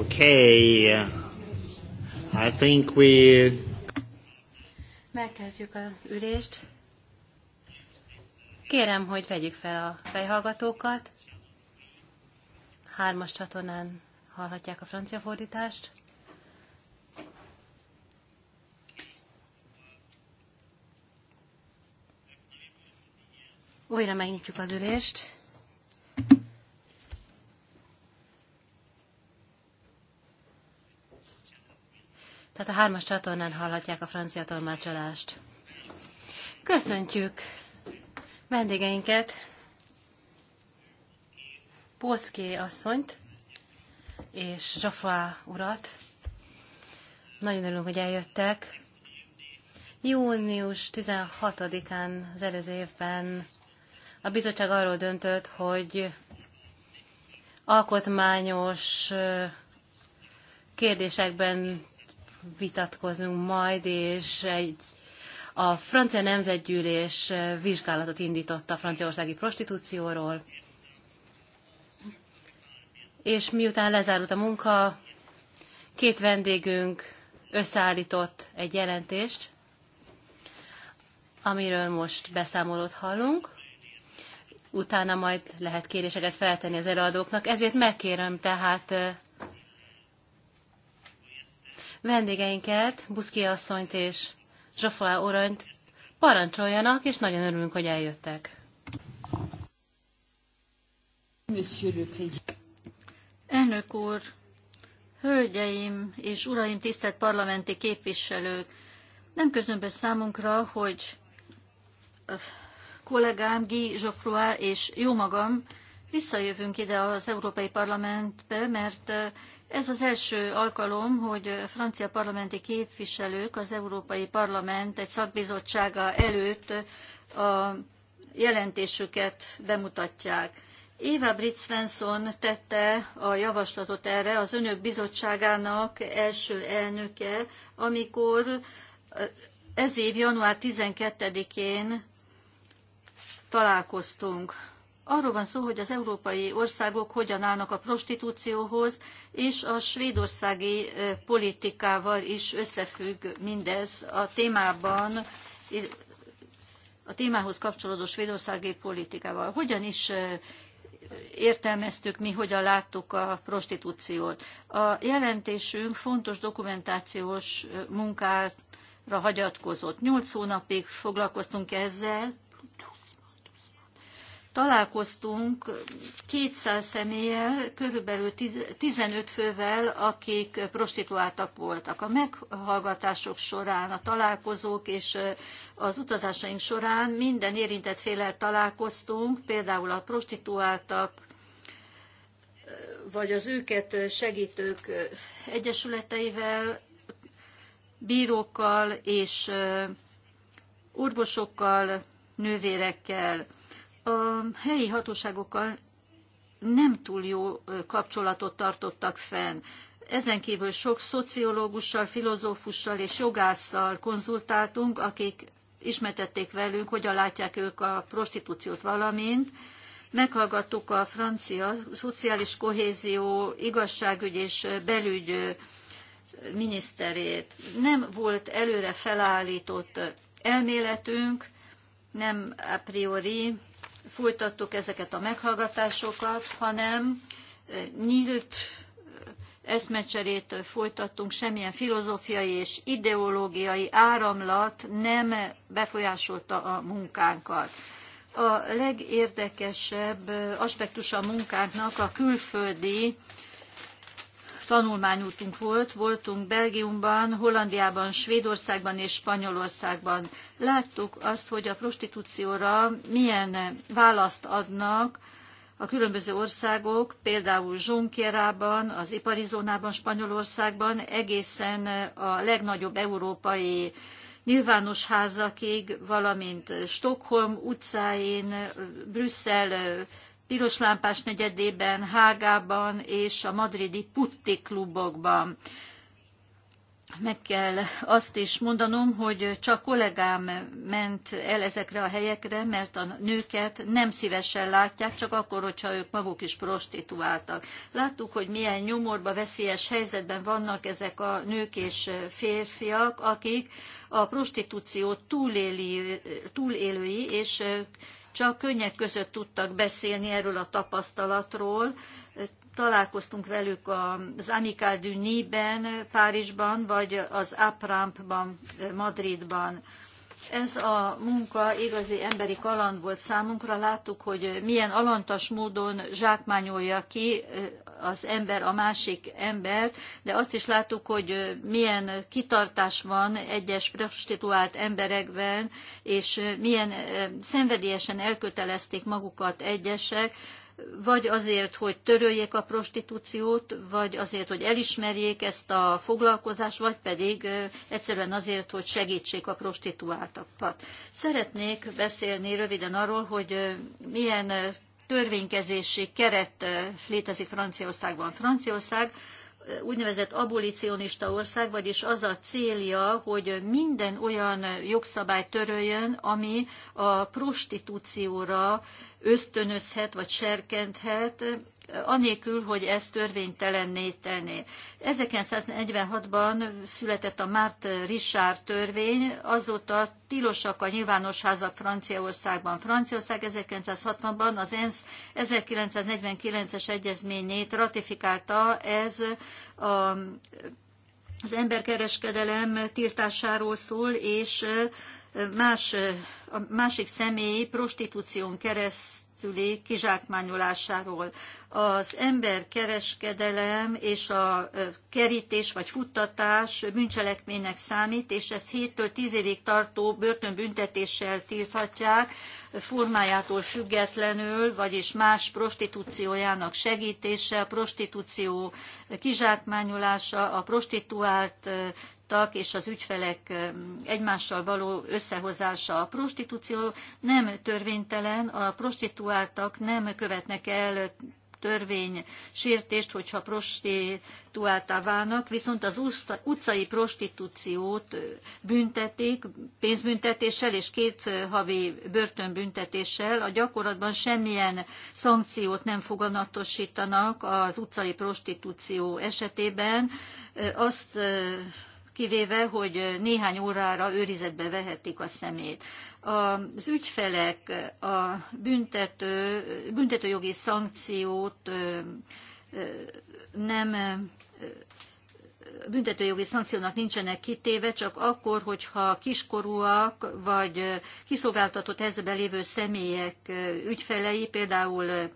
Okay. I think we... Megkezdjük a ülést. Kérem, hogy vegyük fel a fejhallgatókat. Hármas csatornán hallhatják a francia fordítást. Újra megnyitjuk az ülést. Tehát a hármas csatornán hallhatják a francia tolmácsolást. Köszöntjük vendégeinket, Poszké asszonyt és Zsafá urat. Nagyon örülünk, hogy eljöttek. Június 16-án az előző évben a bizottság arról döntött, hogy alkotmányos kérdésekben vitatkozunk majd, és egy, a francia nemzetgyűlés eh, vizsgálatot indított a franciaországi prostitúcióról. És miután lezárult a munka, két vendégünk összeállított egy jelentést, amiről most beszámolót hallunk. Utána majd lehet kéréseket feltenni az előadóknak, ezért megkérem tehát eh, vendégeinket, Buszki asszonyt és Zsafá Oranyt parancsoljanak, és nagyon örülünk, hogy eljöttek. Elnök úr, hölgyeim és uraim, tisztelt parlamenti képviselők! Nem közömbös számunkra, hogy kollégám Guy Geoffroy és jó magam visszajövünk ide az Európai Parlamentbe, mert ez az első alkalom, hogy francia parlamenti képviselők az Európai Parlament egy szakbizottsága előtt a jelentésüket bemutatják. Éva Brit Svensson tette a javaslatot erre az önök bizottságának első elnöke, amikor eh, ez év január 12-én találkoztunk Arról van szó, hogy az európai országok hogyan állnak a prostitúcióhoz, és a svédországi politikával is összefügg mindez a témában, a témához kapcsolódó svédországi politikával. Hogyan is értelmeztük mi, hogyan láttuk a prostitúciót. A jelentésünk fontos dokumentációs munkára hagyatkozott. Nyolc hónapig foglalkoztunk ezzel, találkoztunk 200 személlyel, körülbelül 15 fővel, akik prostituáltak voltak. A meghallgatások során, a találkozók és az utazásaink során minden érintett félel találkoztunk, például a prostituáltak, vagy az őket segítők egyesületeivel, bírókkal és orvosokkal, nővérekkel a helyi hatóságokkal nem túl jó kapcsolatot tartottak fenn. Ezen kívül sok szociológussal, filozófussal és jogásszal konzultáltunk, akik ismertették velünk, hogyan látják ők a prostitúciót, valamint meghallgattuk a francia szociális kohézió, igazságügy és belügy miniszterét. Nem volt előre felállított elméletünk, nem a priori folytattuk ezeket a meghallgatásokat, hanem eh, nyílt eh, eszmecserét folytattunk, semmilyen filozófiai és ideológiai áramlat nem befolyásolta a munkánkat. A legérdekesebb eh, aspektus a munkánknak a külföldi tanulmányútunk volt, voltunk Belgiumban, Hollandiában, Svédországban és Spanyolországban. Láttuk azt, hogy a prostitúcióra milyen választ adnak a különböző országok, például Zsonkerában, az ipari zónában, Spanyolországban, egészen a legnagyobb európai nyilvános házakig, valamint Stockholm utcáin, Brüsszel piros lámpás negyedében, Hágában és a madridi Putti klubokban. Meg kell azt is mondanom, hogy csak kollégám ment el ezekre a helyekre, mert a nőket nem szívesen látják, csak akkor, hogyha ők maguk is prostituáltak. Láttuk, hogy milyen nyomorba veszélyes helyzetben vannak ezek a nők és férfiak, akik a prostitúció túlélői és csak könnyek között tudtak beszélni erről a tapasztalatról. Találkoztunk velük az Amical du Niben, Párizsban, vagy az Aprampban, Madridban. Ez a munka igazi emberi kaland volt számunkra. Láttuk, hogy milyen alantas módon zsákmányolja ki az ember a másik embert, de azt is láttuk, hogy milyen kitartás van egyes prostituált emberekben, és milyen szenvedélyesen elkötelezték magukat egyesek, vagy azért, hogy töröljék a prostitúciót, vagy azért, hogy elismerjék ezt a foglalkozást, vagy pedig egyszerűen azért, hogy segítsék a prostituáltakat. Szeretnék beszélni röviden arról, hogy milyen törvénykezési keret létezik Franciaországban. Franciaország úgynevezett abolicionista ország, vagyis az a célja, hogy minden olyan jogszabály töröljön, ami a prostitúcióra ösztönözhet vagy serkenthet, anélkül, hogy ez törvénytelenné tenné. 1946-ban született a Márt Richard törvény, azóta tilosak a nyilvános házak Franciaországban. Franciaország 1960-ban az ENSZ 1949-es egyezményét ratifikálta, ez a az emberkereskedelem tiltásáról szól, és más, a másik személy prostitúción kereszt keresztüli kizsákmányolásáról. Az emberkereskedelem és a kerítés vagy futtatás bűncselekménynek számít, és ezt 7-től 10 évig tartó börtönbüntetéssel tilthatják, formájától függetlenül, vagyis más prostitúciójának segítése, a prostitúció kizsákmányolása, a prostituált gyanúsítottak és az ügyfelek egymással való összehozása. A prostitúció nem törvénytelen, a prostituáltak nem követnek el törvény sértést, hogyha prostituáltá válnak, viszont az utcai prostitúciót büntetik pénzbüntetéssel és két havi börtönbüntetéssel. A gyakorlatban semmilyen szankciót nem foganatosítanak az utcai prostitúció esetében. Azt kivéve, hogy néhány órára őrizetbe vehetik a szemét. Az ügyfelek a büntető, büntetőjogi szankciót nem büntetőjogi szankciónak nincsenek kitéve, csak akkor, hogyha kiskorúak vagy kiszolgáltatott ezbe lévő személyek ügyfelei, például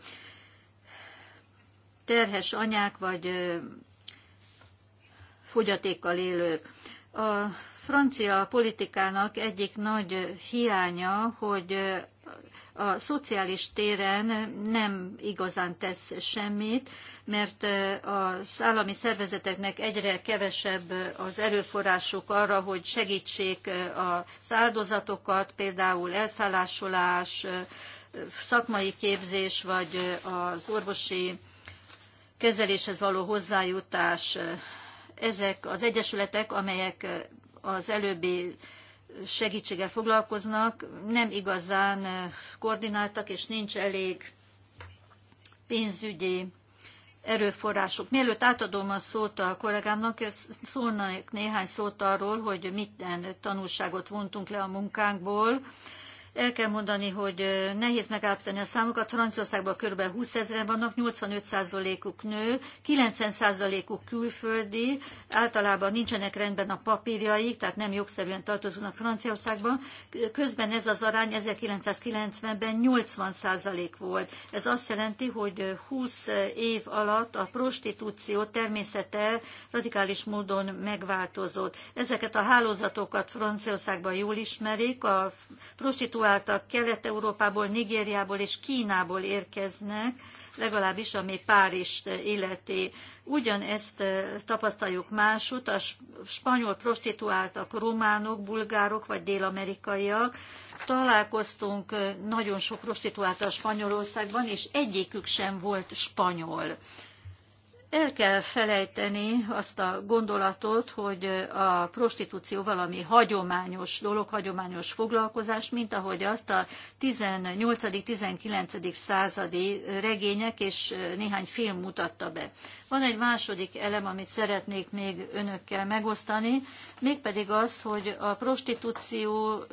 terhes anyák vagy fogyatékkal élők. A francia politikának egyik nagy hiánya, hogy a szociális téren nem igazán tesz semmit, mert az állami szervezeteknek egyre kevesebb az erőforrásuk arra, hogy segítsék az áldozatokat, például elszállásolás, szakmai képzés vagy az orvosi kezeléshez való hozzájutás ezek az egyesületek, amelyek az előbbi segítséggel foglalkoznak, nem igazán koordináltak, és nincs elég pénzügyi erőforrások. Mielőtt átadom a szót a kollégámnak, szólnak néhány szót arról, hogy mitten tanulságot vontunk le a munkánkból, el kell mondani, hogy nehéz megállapítani a számokat. Franciaországban kb. 20 ezeren vannak, 85%-uk nő, 90%-uk külföldi, általában nincsenek rendben a papírjaik, tehát nem jogszerűen tartoznak Franciaországban. Közben ez az arány 1990-ben 80% volt. Ez azt jelenti, hogy 20 év alatt a prostitúció természete radikális módon megváltozott. Ezeket a hálózatokat Franciaországban jól ismerik, a prostituáció motiváltak Kelet-Európából, Nigériából és Kínából érkeznek, legalábbis ami Párizst illeti. Ugyanezt eh, tapasztaljuk másút, a spanyol prostituáltak, románok, bulgárok vagy dél-amerikaiak. Találkoztunk eh, nagyon sok prostituáltal Spanyolországban, és egyikük sem volt spanyol. El kell felejteni azt a gondolatot, hogy a prostitúció valami hagyományos dolog, hagyományos foglalkozás, mint ahogy azt a 18.-19. századi regények és néhány film mutatta be. Van egy második elem, amit szeretnék még önökkel megosztani, mégpedig az, hogy a prostitúció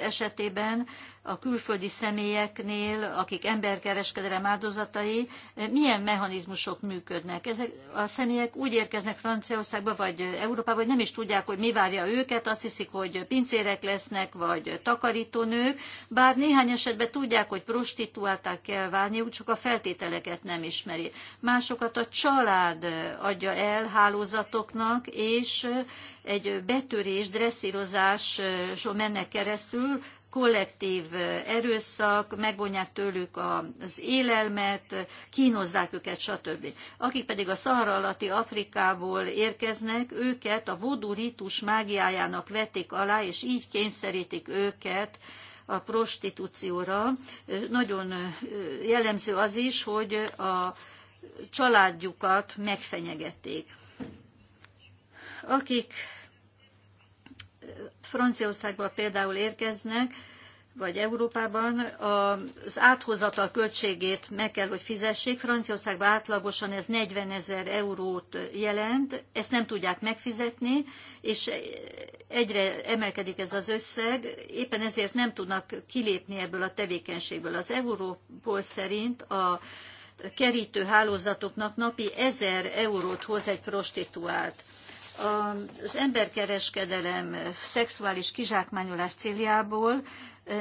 esetében a külföldi személyeknél, akik emberkereskedelem áldozatai, milyen mechanizmusok működnek. Ezek a személyek úgy érkeznek Franciaországba vagy Európába, hogy nem is tudják, hogy mi várja őket, azt hiszik, hogy pincérek lesznek, vagy takarítónők, bár néhány esetben tudják, hogy prostituálták kell válniuk, csak a feltételeket nem ismeri. Másokat a család adja el hálózatoknak, és egy betörés, dresszírozás mennek keresztül, kollektív erőszak, megvonják tőlük az élelmet, kínozzák őket, stb. Akik pedig a Szahara alatti Afrikából érkeznek, őket a vodú ritus mágiájának vetik alá, és így kényszerítik őket a prostitúcióra. Nagyon jellemző az is, hogy a családjukat megfenyegették. Akik Franciaországba például érkeznek, vagy Európában az áthozatal költségét meg kell, hogy fizessék. Franciaországban átlagosan ez 40 ezer eurót jelent, ezt nem tudják megfizetni, és egyre emelkedik ez az összeg, éppen ezért nem tudnak kilépni ebből a tevékenységből. Az Európol szerint a kerítő hálózatoknak napi 1000 eurót hoz egy prostituált az emberkereskedelem szexuális kizsákmányolás céljából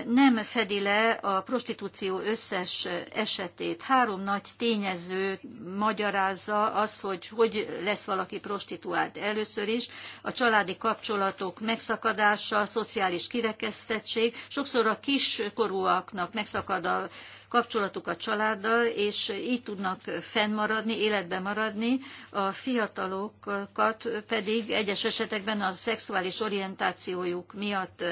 nem fedi le a prostitúció összes esetét. Három nagy tényező magyarázza az, hogy hogy lesz valaki prostituált. Először is a családi kapcsolatok megszakadása, a szociális kirekesztettség, sokszor a kiskorúaknak megszakad a kapcsolatuk a családdal, és így tudnak fennmaradni, életben maradni, a fiatalokat pedig egyes esetekben a szexuális orientációjuk miatt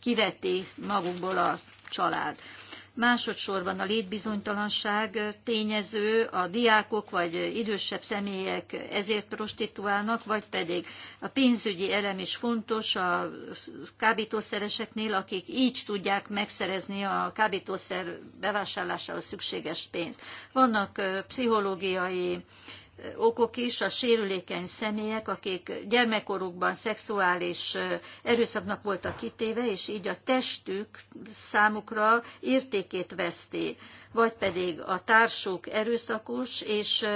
kiveti magukból a család. Másodszorban a létbizonytalanság tényező, a diákok vagy idősebb személyek ezért prostituálnak, vagy pedig a pénzügyi elem is fontos a kábítószereseknél, akik így tudják megszerezni a kábítószer bevásárlásához szükséges pénzt. Vannak pszichológiai okok is, a sérülékeny személyek, akik gyermekkorukban szexuális erőszaknak voltak kitéve, és így a testük számukra értékét veszti, vagy pedig a társuk erőszakos, és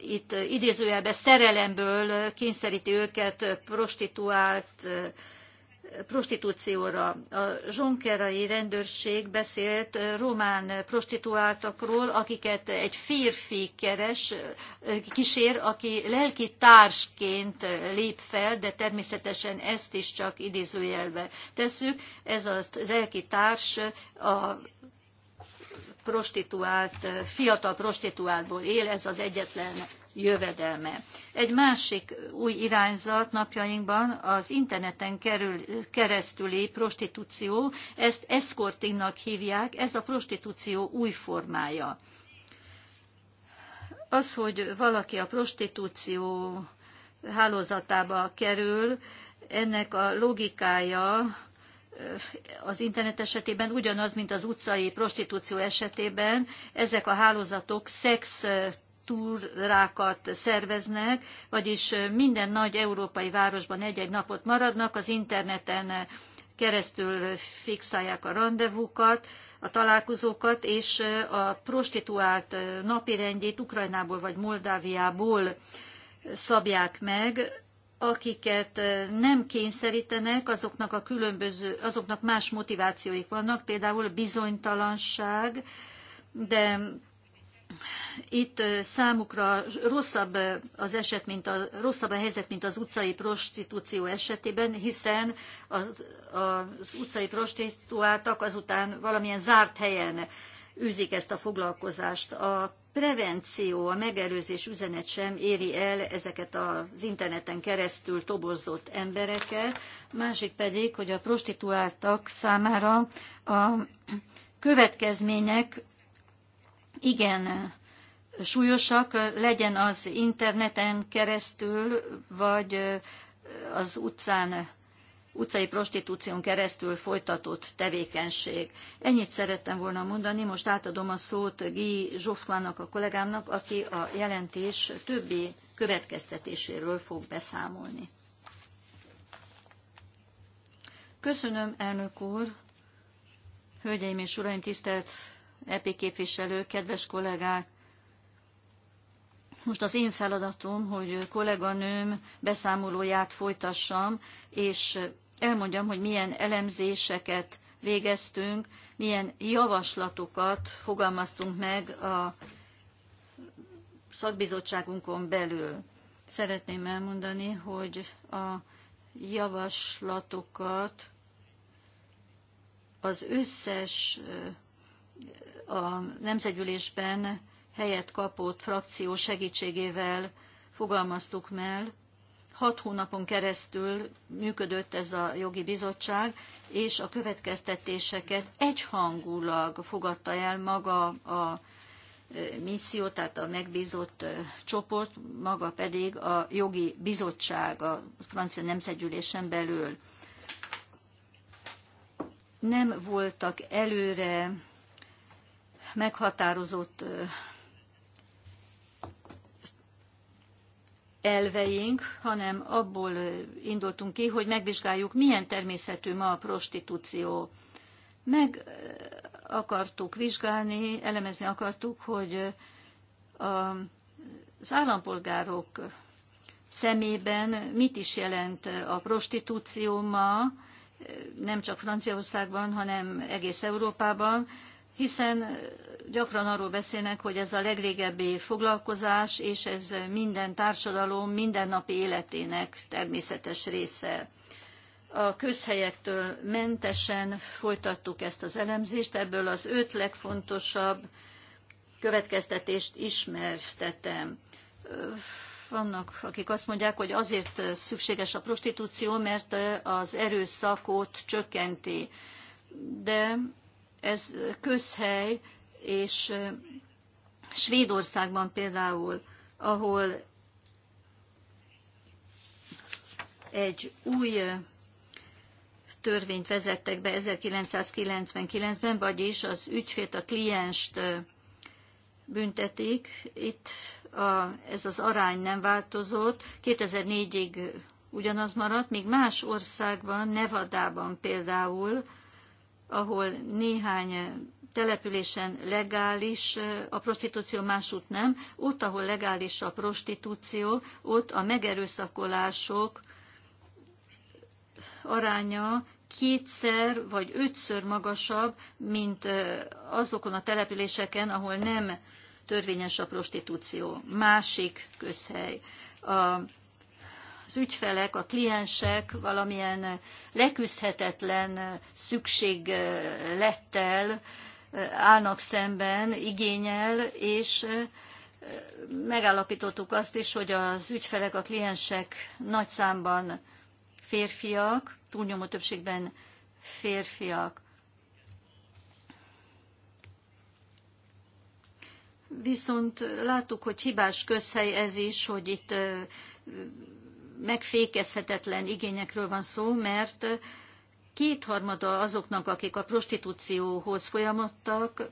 itt idézőjelben szerelemből kényszeríti őket prostituált prostitúcióra. A zsonkerai rendőrség beszélt eh, román prostituáltakról, akiket egy férfi keres, eh, kísér, aki lelki társként eh, lép fel, de természetesen ezt is csak idézőjelbe tesszük. Ez a lelki társ a prostituált, fiatal prostituáltból él, ez az egyetlen jövedelme. Egy másik új irányzat napjainkban az interneten kerül, keresztüli prostitúció, ezt escortingnak hívják, ez a prostitúció új formája. Az, hogy valaki a prostitúció hálózatába kerül, ennek a logikája az internet esetében ugyanaz, mint az utcai prostitúció esetében, ezek a hálózatok szex túrákat szerveznek, vagyis minden nagy európai városban egy-egy napot maradnak, az interneten keresztül fixálják a rendezvúkat, a találkozókat, és a prostituált napirendjét Ukrajnából vagy Moldáviából szabják meg, akiket nem kényszerítenek, azoknak a különböző, azoknak más motivációik vannak, például bizonytalanság, de itt számukra rosszabb az eset, mint a, rosszabb a helyzet, mint az utcai prostitúció esetében, hiszen az, az utcai prostituáltak azután valamilyen zárt helyen űzik ezt a foglalkozást. A prevenció, a megelőzés üzenet sem éri el ezeket az interneten keresztül tobozott embereket, másik pedig, hogy a prostituáltak számára a következmények igen súlyosak, legyen az interneten keresztül, vagy az utcán, utcai prostitúción keresztül folytatott tevékenység. Ennyit szerettem volna mondani, most átadom a szót Guy Zsoffmannak, a kollégámnak, aki a jelentés többi következtetéséről fog beszámolni. Köszönöm, elnök úr! Hölgyeim és uraim, tisztelt EP képviselő, kedves kollégák! Most az én feladatom, hogy kolléganőm beszámolóját folytassam, és elmondjam, hogy milyen elemzéseket végeztünk, milyen javaslatokat fogalmaztunk meg a szakbizottságunkon belül. Szeretném elmondani, hogy a javaslatokat az összes a nemzetgyűlésben helyet kapott frakció segítségével fogalmaztuk meg. Hat hónapon keresztül működött ez a jogi bizottság, és a következtetéseket egyhangulag fogadta el maga a e, misszió, tehát a megbízott e, csoport, maga pedig a jogi bizottság a francia nemzetgyűlésen belül. Nem voltak előre meghatározott elveink, hanem abból indultunk ki, hogy megvizsgáljuk, milyen természetű ma a prostitúció. Meg akartuk vizsgálni, elemezni akartuk, hogy az állampolgárok szemében mit is jelent a prostitúció ma, nem csak Franciaországban, hanem egész Európában, hiszen gyakran arról beszélnek, hogy ez a legrégebbi foglalkozás, és ez minden társadalom mindennapi életének természetes része. A közhelyektől mentesen folytattuk ezt az elemzést, ebből az öt legfontosabb következtetést ismertetem. Vannak, akik azt mondják, hogy azért szükséges a prostitúció, mert az erőszakot csökkenti. De ez közhely, és Svédországban például, ahol egy új törvényt vezettek be 1999-ben, vagyis az ügyfélt, a klienst büntetik. Itt a, ez az arány nem változott. 2004-ig ugyanaz maradt, míg más országban, Nevadában például ahol néhány eh, településen legális eh, a prostitúció, másút nem. Ott, ahol legális a prostitúció, ott a megerőszakolások aránya kétszer vagy ötször magasabb, mint eh, azokon a településeken, ahol nem törvényes a prostitúció. Másik közhely. A az ügyfelek, a kliensek valamilyen leküzdhetetlen eh, lettel eh, állnak szemben, igényel, és eh, megállapítottuk azt is, hogy az ügyfelek, a kliensek nagy számban férfiak, túlnyomó többségben férfiak. Viszont láttuk, hogy hibás közhely ez is, hogy itt megfékezhetetlen igényekről van szó, mert kétharmada azoknak, akik a prostitúcióhoz folyamodtak,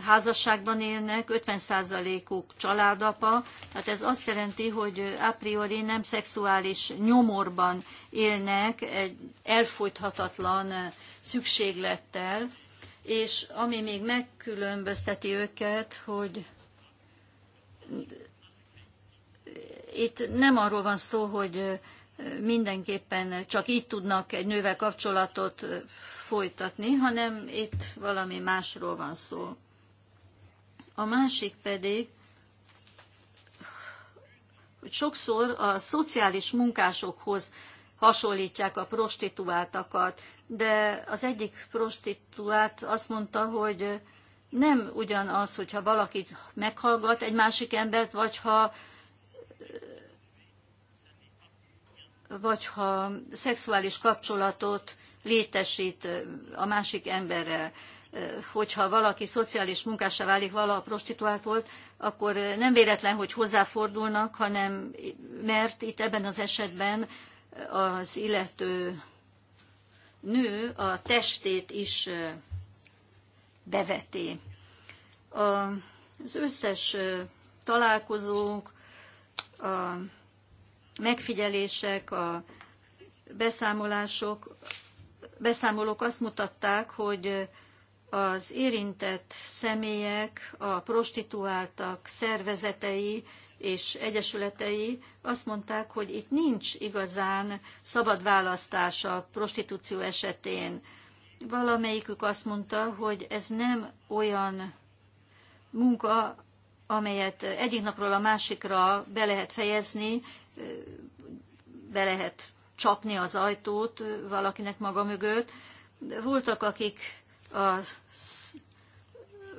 házasságban élnek, 50%-uk családapa, tehát ez azt jelenti, hogy a priori nem szexuális nyomorban élnek egy elfogyhatatlan szükséglettel, és ami még megkülönbözteti őket, hogy itt nem arról van szó, hogy mindenképpen csak így tudnak egy nővel kapcsolatot folytatni, hanem itt valami másról van szó. A másik pedig, hogy sokszor a szociális munkásokhoz hasonlítják a prostituáltakat, de az egyik prostituált azt mondta, hogy nem ugyanaz, hogyha valaki meghallgat egy másik embert, vagy ha vagy ha szexuális kapcsolatot létesít a másik emberrel, hogyha valaki szociális munkásra válik, vala a prostituált volt, akkor nem véletlen, hogy hozzáfordulnak, hanem mert itt ebben az esetben az illető nő a testét is beveti. Az összes találkozónk, a megfigyelések, a beszámolások, beszámolók azt mutatták, hogy az érintett személyek, a prostituáltak szervezetei és egyesületei azt mondták, hogy itt nincs igazán szabad választás a prostitúció esetén. Valamelyikük azt mondta, hogy ez nem olyan munka, amelyet egyik napról a másikra be lehet fejezni, be lehet csapni az ajtót valakinek maga mögött. Voltak, akik a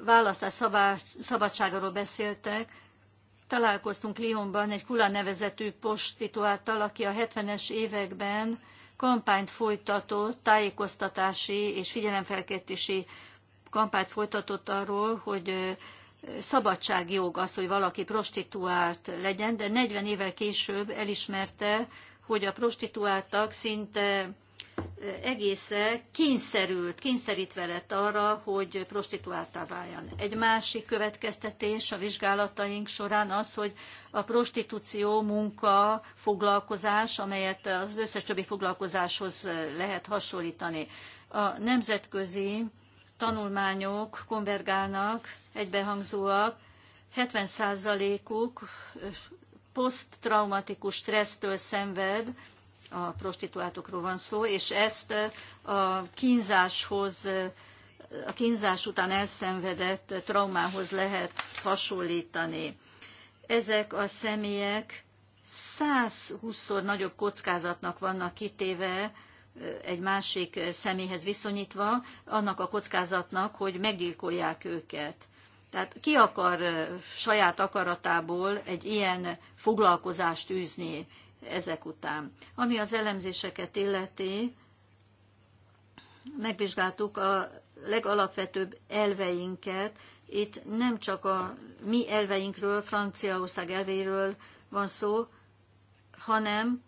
választás szabadságáról beszéltek. Találkoztunk Lyonban egy Kula nevezetű postituáltal, aki a 70-es években kampányt folytatott, tájékoztatási és figyelemfelkeltési kampányt folytatott arról, hogy szabadságjog az, hogy valaki prostituált legyen, de 40 évvel később elismerte, hogy a prostituáltak szinte eh, egésze kényszerült, kényszerítve lett arra, hogy prostituáltá váljon. Egy másik következtetés a vizsgálataink során az, hogy a prostitúció munka, foglalkozás, amelyet az összes többi foglalkozáshoz lehet hasonlítani. A nemzetközi tanulmányok konvergálnak, egybehangzóak, 70%-uk poszttraumatikus stressztől szenved, a prostituáltokról van szó, és ezt a kínzáshoz, a kínzás után elszenvedett traumához lehet hasonlítani. Ezek a személyek 120-szor nagyobb kockázatnak vannak kitéve, egy másik személyhez viszonyítva, annak a kockázatnak, hogy meggyilkolják őket. Tehát ki akar saját akaratából egy ilyen foglalkozást űzni ezek után? Ami az elemzéseket illeti, megvizsgáltuk a legalapvetőbb elveinket. Itt nem csak a mi elveinkről, Franciaország elveiről van szó, hanem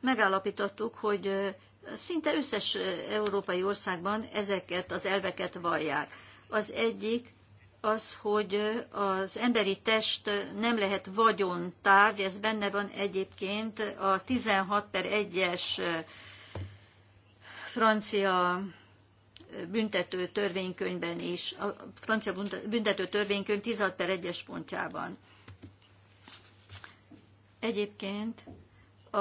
megállapítottuk, hogy Szinte összes európai országban ezeket az elveket vallják. Az egyik az, hogy az emberi test nem lehet vagyontárgy, ez benne van egyébként a 16 per 1-es francia büntető törvénykönyvben is, a francia büntető törvénykönyv 16 per 1-es pontjában. Egyébként a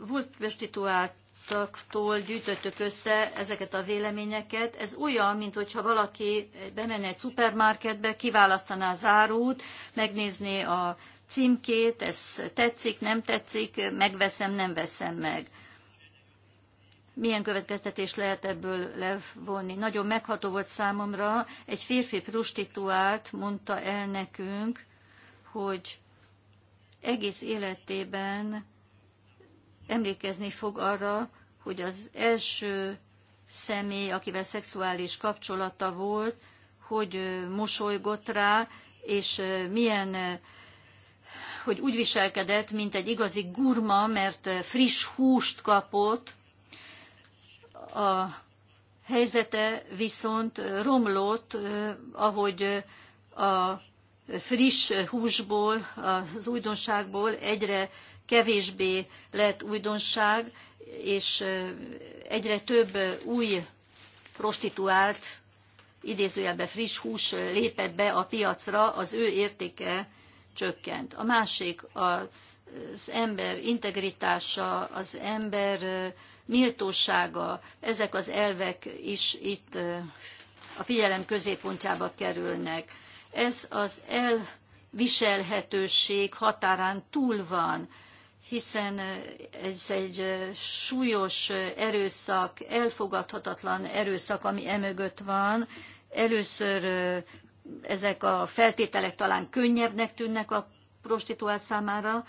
volt prostituált elhangzottaktól gyűjtöttük össze ezeket a véleményeket. Ez olyan, mint hogyha valaki bemenne egy szupermarketbe, kiválasztaná az árut, megnézné a címkét, ez tetszik, nem tetszik, megveszem, nem veszem meg. Milyen következtetés lehet ebből levonni? Nagyon megható volt számomra, egy férfi prostituált mondta el nekünk, hogy egész életében emlékezni fog arra, hogy az első személy, akivel szexuális kapcsolata volt, hogy mosolygott rá, és milyen, hogy úgy viselkedett, mint egy igazi gurma, mert friss húst kapott. A helyzete viszont romlott, ahogy a friss húsból, az újdonságból egyre kevésbé lett újdonság, és egyre több új prostituált, idézőjelbe friss hús lépett be a piacra, az ő értéke csökkent. A másik az ember integritása, az ember méltósága, ezek az elvek is itt a figyelem középpontjába kerülnek. Ez az elviselhetőség határán túl van hiszen ez egy súlyos erőszak, elfogadhatatlan erőszak, ami emögött van. Először ezek a feltételek talán könnyebbnek tűnnek a prostituált számára,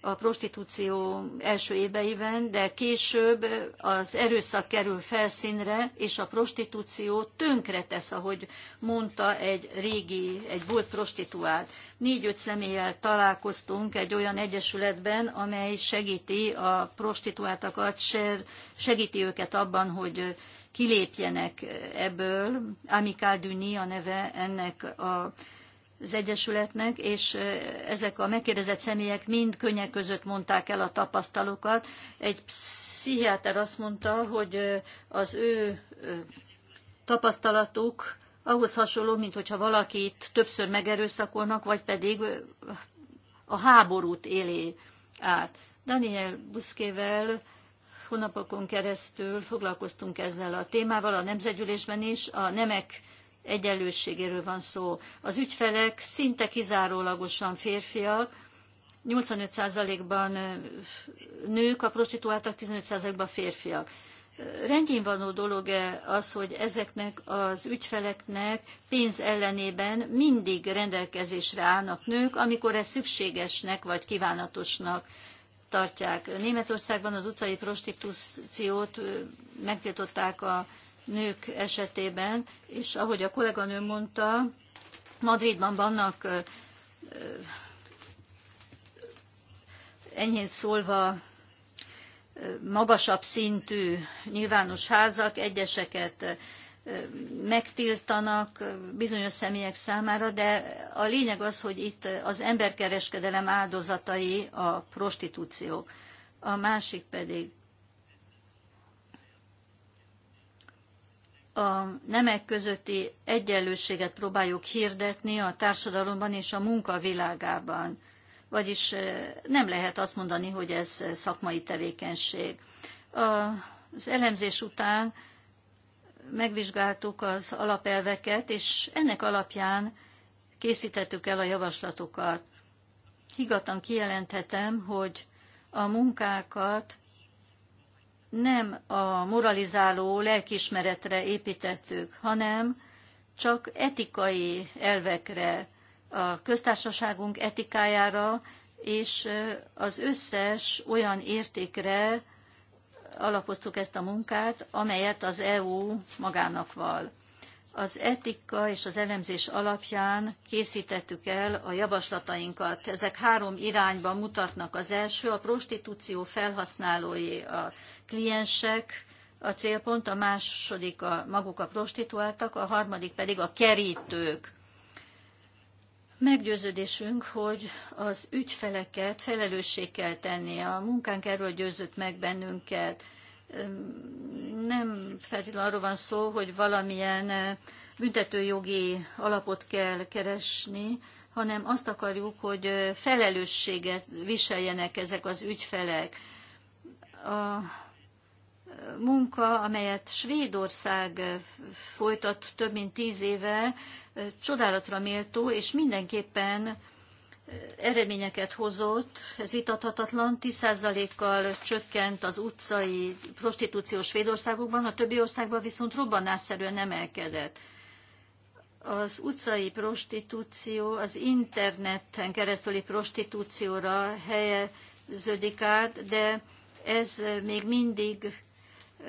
a prostitúció első éveiben, de később az erőszak kerül felszínre, és a prostitúció tönkre tesz, ahogy mondta egy régi, egy volt prostituált. Négy-öt személlyel találkoztunk egy olyan egyesületben, amely segíti a prostituáltakat, segíti őket abban, hogy kilépjenek ebből. Amical Duny a neve ennek a az Egyesületnek, és ezek a megkérdezett személyek mind könnyek között mondták el a tapasztalókat. Egy pszichiáter azt mondta, hogy az ő tapasztalatuk ahhoz hasonló, mint hogyha valakit többször megerőszakolnak, vagy pedig a háborút éli át. Daniel Buszkével hónapokon keresztül foglalkoztunk ezzel a témával a nemzetgyűlésben is, a nemek egyenlőségéről van szó. Az ügyfelek szinte kizárólagosan férfiak, 85%-ban nők, a prostituáltak 15%-ban férfiak. Rendjén vanó dolog -e az, hogy ezeknek az ügyfeleknek pénz ellenében mindig rendelkezésre állnak nők, amikor ez szükségesnek vagy kívánatosnak tartják. Németországban az utcai prostitúciót megtiltották a nők esetében, és ahogy a kolléganő mondta, Madridban vannak enyhén szólva magasabb szintű nyilvános házak, egyeseket megtiltanak bizonyos személyek számára, de a lényeg az, hogy itt az emberkereskedelem áldozatai a prostitúciók. A másik pedig a nemek közötti egyenlőséget próbáljuk hirdetni a társadalomban és a munkavilágában. Vagyis nem lehet azt mondani, hogy ez szakmai tevékenység. Az elemzés után megvizsgáltuk az alapelveket, és ennek alapján készítettük el a javaslatokat. Higatan kijelenthetem, hogy a munkákat nem a moralizáló lelkismeretre építettük, hanem csak etikai elvekre, a köztársaságunk etikájára és az összes olyan értékre alapoztuk ezt a munkát, amelyet az EU magának val. Az etika és az elemzés alapján készítettük el a javaslatainkat. Ezek három irányba mutatnak. Az első a prostitúció felhasználói, a kliensek, a célpont, a második a maguk a prostituáltak, a harmadik pedig a kerítők. Meggyőződésünk, hogy az ügyfeleket felelősség kell tenni. A munkánk erről győzött meg bennünket nem feltétlenül arról van szó, hogy valamilyen büntetőjogi alapot kell keresni, hanem azt akarjuk, hogy felelősséget viseljenek ezek az ügyfelek. A munka, amelyet Svédország folytat több mint tíz éve, csodálatra méltó, és mindenképpen eredményeket hozott, ez vitathatatlan, 10%-kal csökkent az utcai prostitúció Svédországokban, a többi országban viszont robbanásszerűen emelkedett. Az utcai prostitúció az interneten keresztüli prostitúcióra helyeződik át, de ez még mindig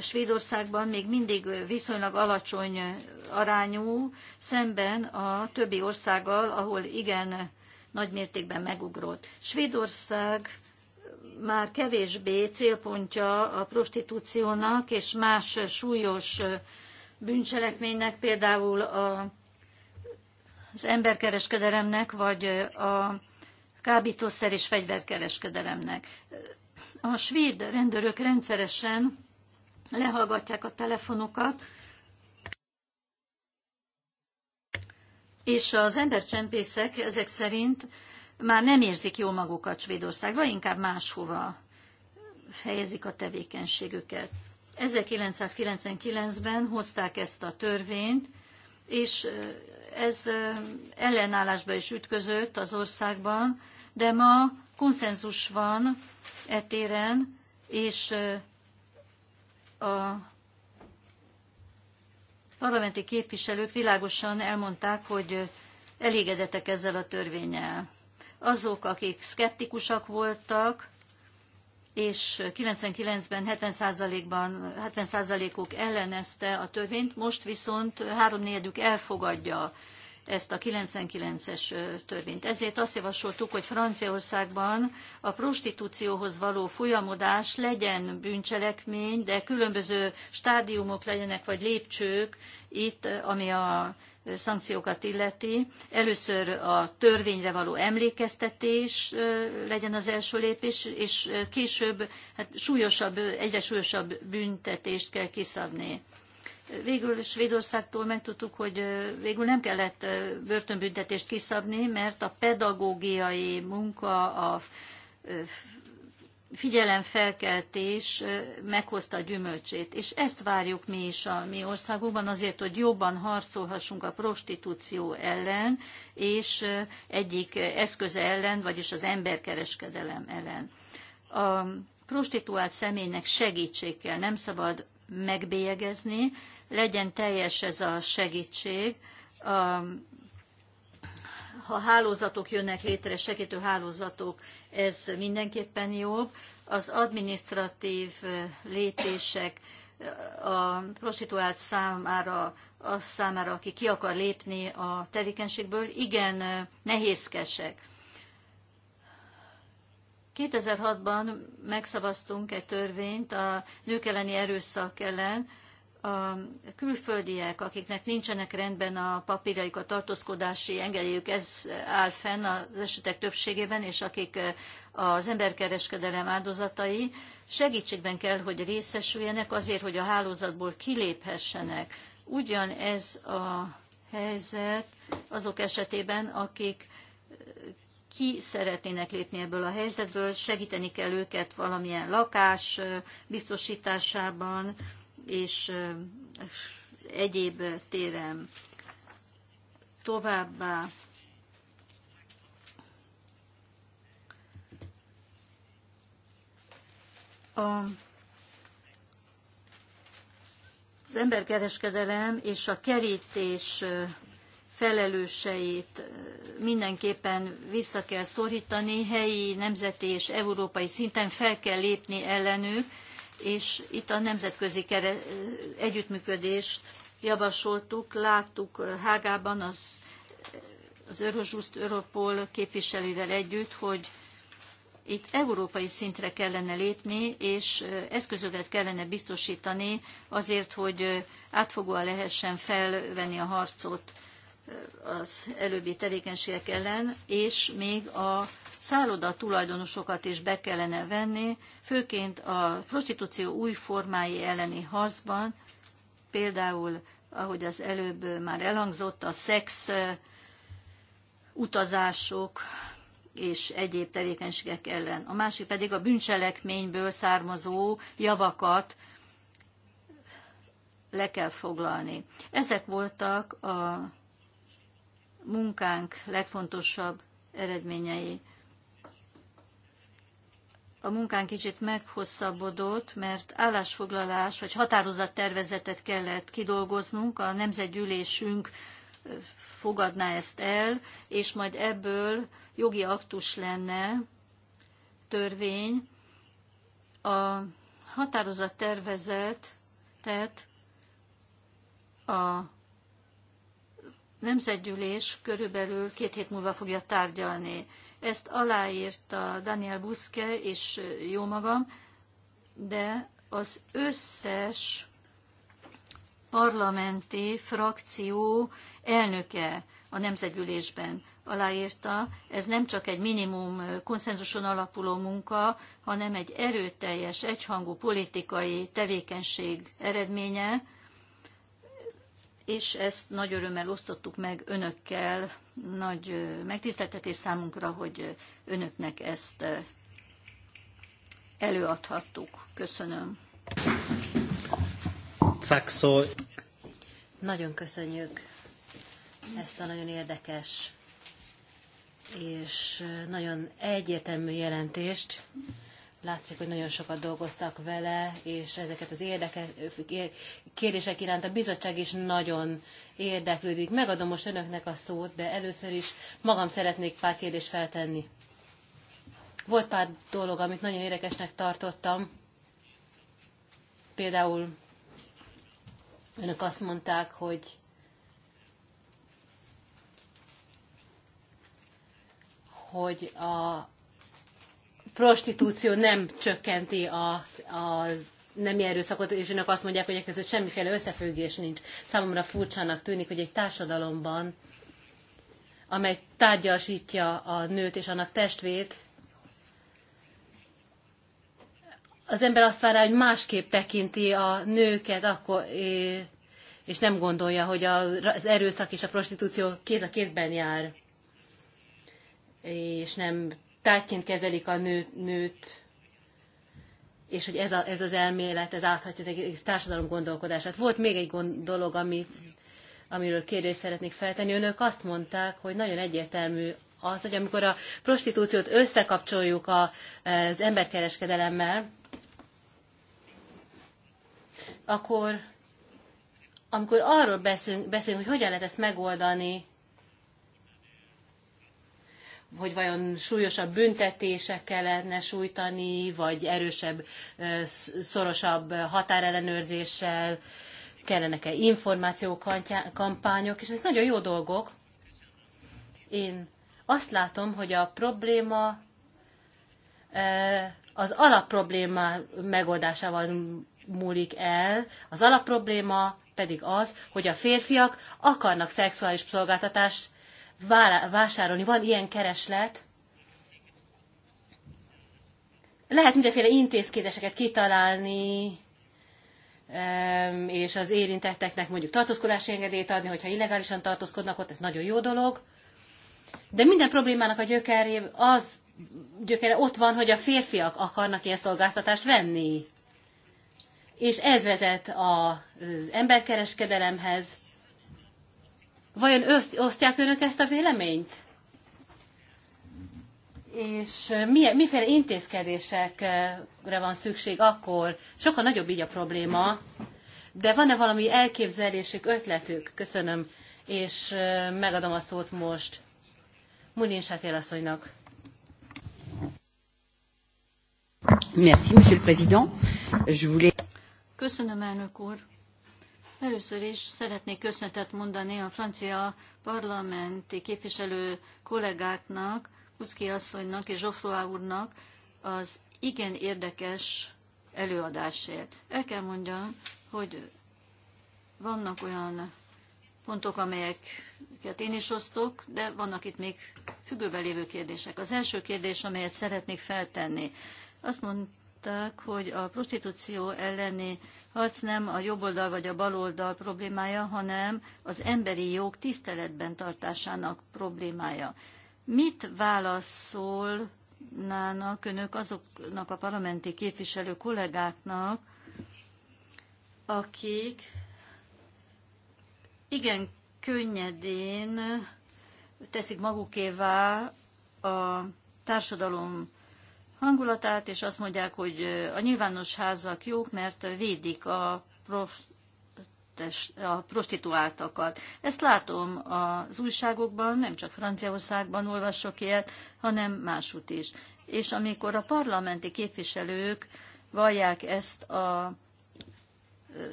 Svédországban még mindig viszonylag alacsony arányú, szemben a többi országgal, ahol igen nagy mértékben megugrott. Svédország már kevésbé célpontja a prostitúciónak és más súlyos bűncselekménynek, például a, az emberkereskedelemnek, vagy a kábítószer és fegyverkereskedelemnek. A svéd rendőrök rendszeresen lehallgatják a telefonokat, és az embercsempészek ezek szerint már nem érzik jól magukat Svédországba, inkább máshova helyezik a tevékenységüket. 1999-ben hozták ezt a törvényt, és ez ellenállásba is ütközött az országban, de ma konszenzus van etéren, és a parlamenti képviselők világosan elmondták, hogy elégedetek ezzel a törvényel. Azok, akik szkeptikusak voltak, és 99-ben 70%-ban 70%-uk ellenezte a törvényt, most viszont háromnegyedük elfogadja ezt a 99-es törvényt. Ezért azt javasoltuk, hogy Franciaországban a prostitúcióhoz való folyamodás legyen bűncselekmény, de különböző stádiumok legyenek, vagy lépcsők itt, ami a szankciókat illeti. Először a törvényre való emlékeztetés legyen az első lépés, és később hát súlyosabb, egyre súlyosabb büntetést kell kiszabni végül Svédországtól megtudtuk, hogy végül nem kellett börtönbüntetést kiszabni, mert a pedagógiai munka, a figyelemfelkeltés meghozta a gyümölcsét. És ezt várjuk mi is a mi országunkban, azért, hogy jobban harcolhassunk a prostitúció ellen, és egyik eszköze ellen, vagyis az emberkereskedelem ellen. A prostituált személynek segítség kell, nem szabad megbélyegezni, legyen teljes ez a segítség. Ha hálózatok jönnek létre, segítő hálózatok, ez mindenképpen jobb. Az administratív lépések a prostituált számára, a számára, aki ki akar lépni a tevékenységből, igen nehézkesek. 2006-ban megszavaztunk egy törvényt a nők elleni erőszak ellen, a külföldiek, akiknek nincsenek rendben a papíraik, a tartózkodási engedélyük, ez áll fenn az esetek többségében, és akik az emberkereskedelem áldozatai, segítségben kell, hogy részesüljenek azért, hogy a hálózatból kiléphessenek. Ugyan ez a helyzet azok esetében, akik ki szeretnének lépni ebből a helyzetből, segíteni kell őket valamilyen lakás biztosításában, és egyéb téren. Továbbá a az emberkereskedelem és a kerítés felelőseit mindenképpen vissza kell szorítani, helyi, nemzeti és európai szinten fel kell lépni ellenük, és itt a nemzetközi együttműködést javasoltuk, láttuk Hágában az, az Eurojust Europol képviselővel együtt, hogy itt európai szintre kellene lépni, és eszközöket kellene biztosítani azért, hogy átfogóan lehessen felvenni a harcot az előbbi tevékenységek ellen, és még a szálloda tulajdonosokat is be kellene venni, főként a prostitúció új formái elleni harcban, például, ahogy az előbb már elhangzott, a szex eh, utazások és egyéb tevékenységek ellen. A másik pedig a bűncselekményből származó javakat le kell foglalni. Ezek voltak a munkánk legfontosabb eredményei a munkánk kicsit meghosszabbodott, mert állásfoglalás vagy határozattervezetet kellett kidolgoznunk, a nemzetgyűlésünk fogadná ezt el, és majd ebből jogi aktus lenne törvény. A határozattervezetet a nemzetgyűlés körülbelül két hét múlva fogja tárgyalni. Ezt aláírta Daniel Buszke és jó magam, de az összes parlamenti frakció elnöke a nemzetgyűlésben aláírta. Ez nem csak egy minimum konszenzuson alapuló munka, hanem egy erőteljes, egyhangú politikai tevékenység eredménye, és ezt nagy örömmel osztottuk meg önökkel nagy megtiszteltetés számunkra, hogy önöknek ezt előadhattuk. Köszönöm. Nagyon köszönjük ezt a nagyon érdekes és nagyon egyértelmű jelentést. Látszik, hogy nagyon sokat dolgoztak vele, és ezeket az érdeke, kérdések iránt a bizottság is nagyon érdeklődik. Megadom most önöknek a szót, de először is magam szeretnék pár kérdést feltenni. Volt pár dolog, amit nagyon érdekesnek tartottam. Például önök azt mondták, hogy hogy a prostitúció nem csökkenti a, a nemi erőszakot, és önök azt mondják, hogy e között semmiféle összefüggés nincs. Számomra furcsának tűnik, hogy egy társadalomban, amely tárgyasítja a nőt és annak testvét, az ember azt várja, hogy másképp tekinti a nőket, akkor, és nem gondolja, hogy az erőszak és a prostitúció kéz a kézben jár, és nem tárgyként kezelik a nőt, nőt és hogy ez, a, ez az elmélet, ez áthatja az egész társadalom gondolkodását. Volt még egy gond, dolog, ami, amiről kérdést szeretnék feltenni. Önök azt mondták, hogy nagyon egyértelmű az, hogy amikor a prostitúciót összekapcsoljuk a, az emberkereskedelemmel, akkor amikor arról beszélünk, beszélünk, hogy hogyan lehet ezt megoldani, hogy vajon súlyosabb büntetések kellene sújtani, vagy erősebb, szorosabb határellenőrzéssel, kellenek-e információkampányok, és ezek nagyon jó dolgok. Én azt látom, hogy a probléma az alapprobléma megoldásával múlik el. Az alapprobléma pedig az, hogy a férfiak akarnak szexuális szolgáltatást, vásárolni. Van ilyen kereslet. Lehet mindenféle intézkedéseket kitalálni, és az érintetteknek mondjuk tartózkodási engedélyt adni, hogyha illegálisan tartózkodnak ott, ez nagyon jó dolog. De minden problémának a gyökere az gyökere ott van, hogy a férfiak akarnak ilyen szolgáltatást venni. És ez vezet az emberkereskedelemhez, Vajon öszt, osztják önök ezt a véleményt? És eh, milyen, miféle intézkedésekre van szükség akkor? Sokkal nagyobb így a probléma, de van-e valami elképzelésük, ötletük? Köszönöm, és eh, megadom a szót most Munin Sátél Merci, Monsieur le Président. Je voulais... Köszönöm, elnök úr. Először is szeretnék köszöntet mondani a francia parlamenti képviselő kollégáknak, Puszki asszonynak és Zsofroá úrnak az igen érdekes előadásért. El kell mondjam, hogy vannak olyan pontok, amelyeket én is osztok, de vannak itt még függőben lévő kérdések. Az első kérdés, amelyet szeretnék feltenni, azt mond, mondták, hogy a prostitúció elleni harc nem a jobboldal vagy a baloldal problémája, hanem az emberi jog tiszteletben tartásának problémája. Mit válaszolnának önök azoknak a parlamenti képviselő kollégáknak, akik igen könnyedén teszik magukévá a társadalom hangulatát, és azt mondják, hogy a nyilvános házak jók, mert védik a prof a prostituáltakat. Ezt látom az újságokban, nem csak Franciaországban olvasok ilyet, hanem máshogy is. És amikor a parlamenti képviselők vallják ezt a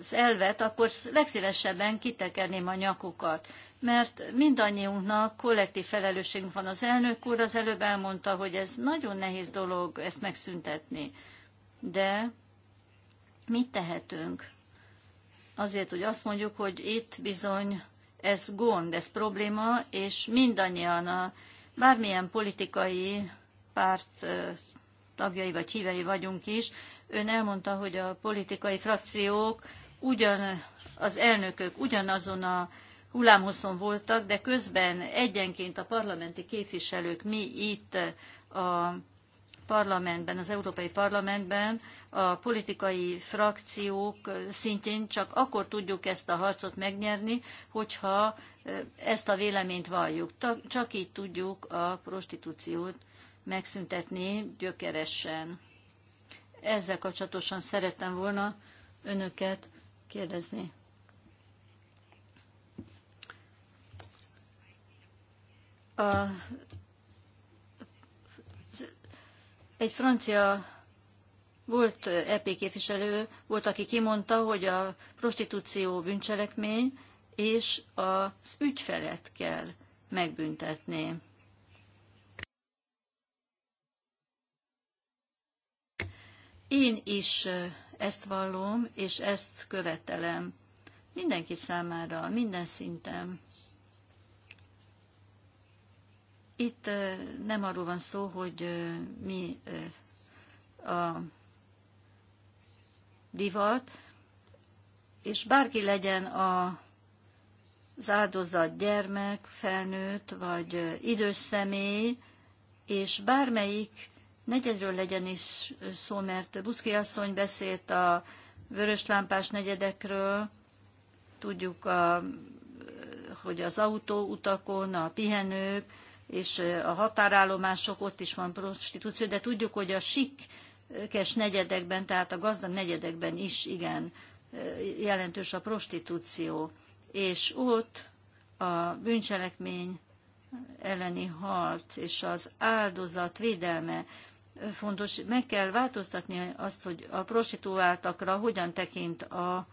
az elvet, akkor legszívesebben kitekerném a nyakukat. Mert mindannyiunknak kollektív felelősségünk van. Az elnök úr az előbb elmondta, hogy ez nagyon nehéz dolog ezt megszüntetni. De mit tehetünk? Azért, hogy azt mondjuk, hogy itt bizony ez gond, ez probléma, és mindannyian a bármilyen politikai párt tagjai vagy hívei vagyunk is, Ön elmondta, hogy a politikai frakciók ugyan az elnökök ugyanazon a hullámhosszon voltak, de közben egyenként a parlamenti képviselők, mi itt a parlamentben, az Európai Parlamentben a politikai frakciók szintjén csak akkor tudjuk ezt a harcot megnyerni, hogyha ezt a véleményt valljuk. Csak így tudjuk a prostitúciót megszüntetni gyökeresen. Ezzel kapcsolatosan szerettem volna önöket kérdezni. A, egy francia volt EP képviselő, volt, aki kimondta, hogy a prostitúció bűncselekmény, és az ügyfelet kell megbüntetni. Én is ezt vallom, és ezt követelem. Mindenki számára, minden szinten. Itt nem arról van szó, hogy mi a divat, és bárki legyen a az áldozat gyermek, felnőtt vagy idős személy, és bármelyik negyedről legyen is szó, mert Buszki asszony beszélt a vörös lámpás negyedekről, tudjuk, a, hogy az autóutakon, a pihenők és a határállomások, ott is van prostitúció, de tudjuk, hogy a sikkes negyedekben, tehát a gazdag negyedekben is igen jelentős a prostitúció, és ott a bűncselekmény elleni harc és az áldozat védelme fontos, meg kell változtatni azt, hogy a prostituáltakra hogyan tekint a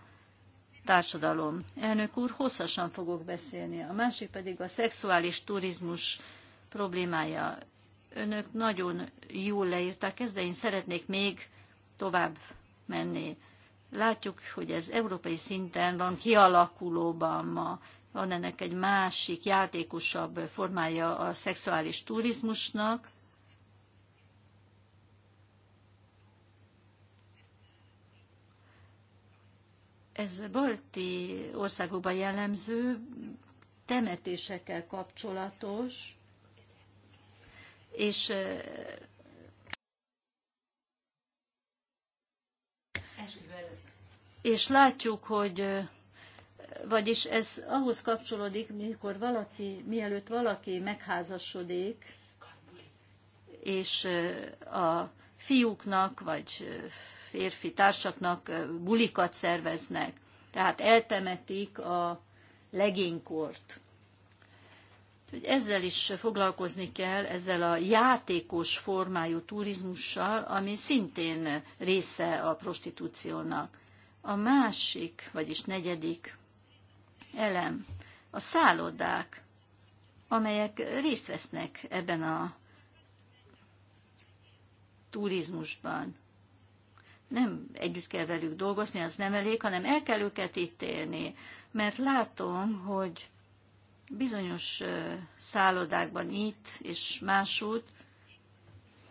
társadalom. Elnök úr, hosszasan fogok beszélni. A másik pedig a szexuális turizmus problémája. Önök nagyon jól leírták ezt, de én szeretnék még tovább menni. Látjuk, hogy ez európai szinten van kialakulóban ma. Van ennek egy másik, játékosabb formája a szexuális turizmusnak, Ez balti országokban jellemző, temetésekkel kapcsolatos, és és látjuk, hogy vagyis ez ahhoz kapcsolódik, mikor valaki, mielőtt valaki megházasodik, és a fiúknak, vagy férfi társaknak bulikat szerveznek, tehát eltemetik a legénykort. Úgyhogy ezzel is foglalkozni kell, ezzel a játékos formájú turizmussal, ami szintén része a prostitúciónak. A másik, vagyis negyedik elem, a szállodák, amelyek részt vesznek ebben a turizmusban nem együtt kell velük dolgozni, az nem elég, hanem el kell őket élni. mert látom, hogy bizonyos szállodákban itt és másút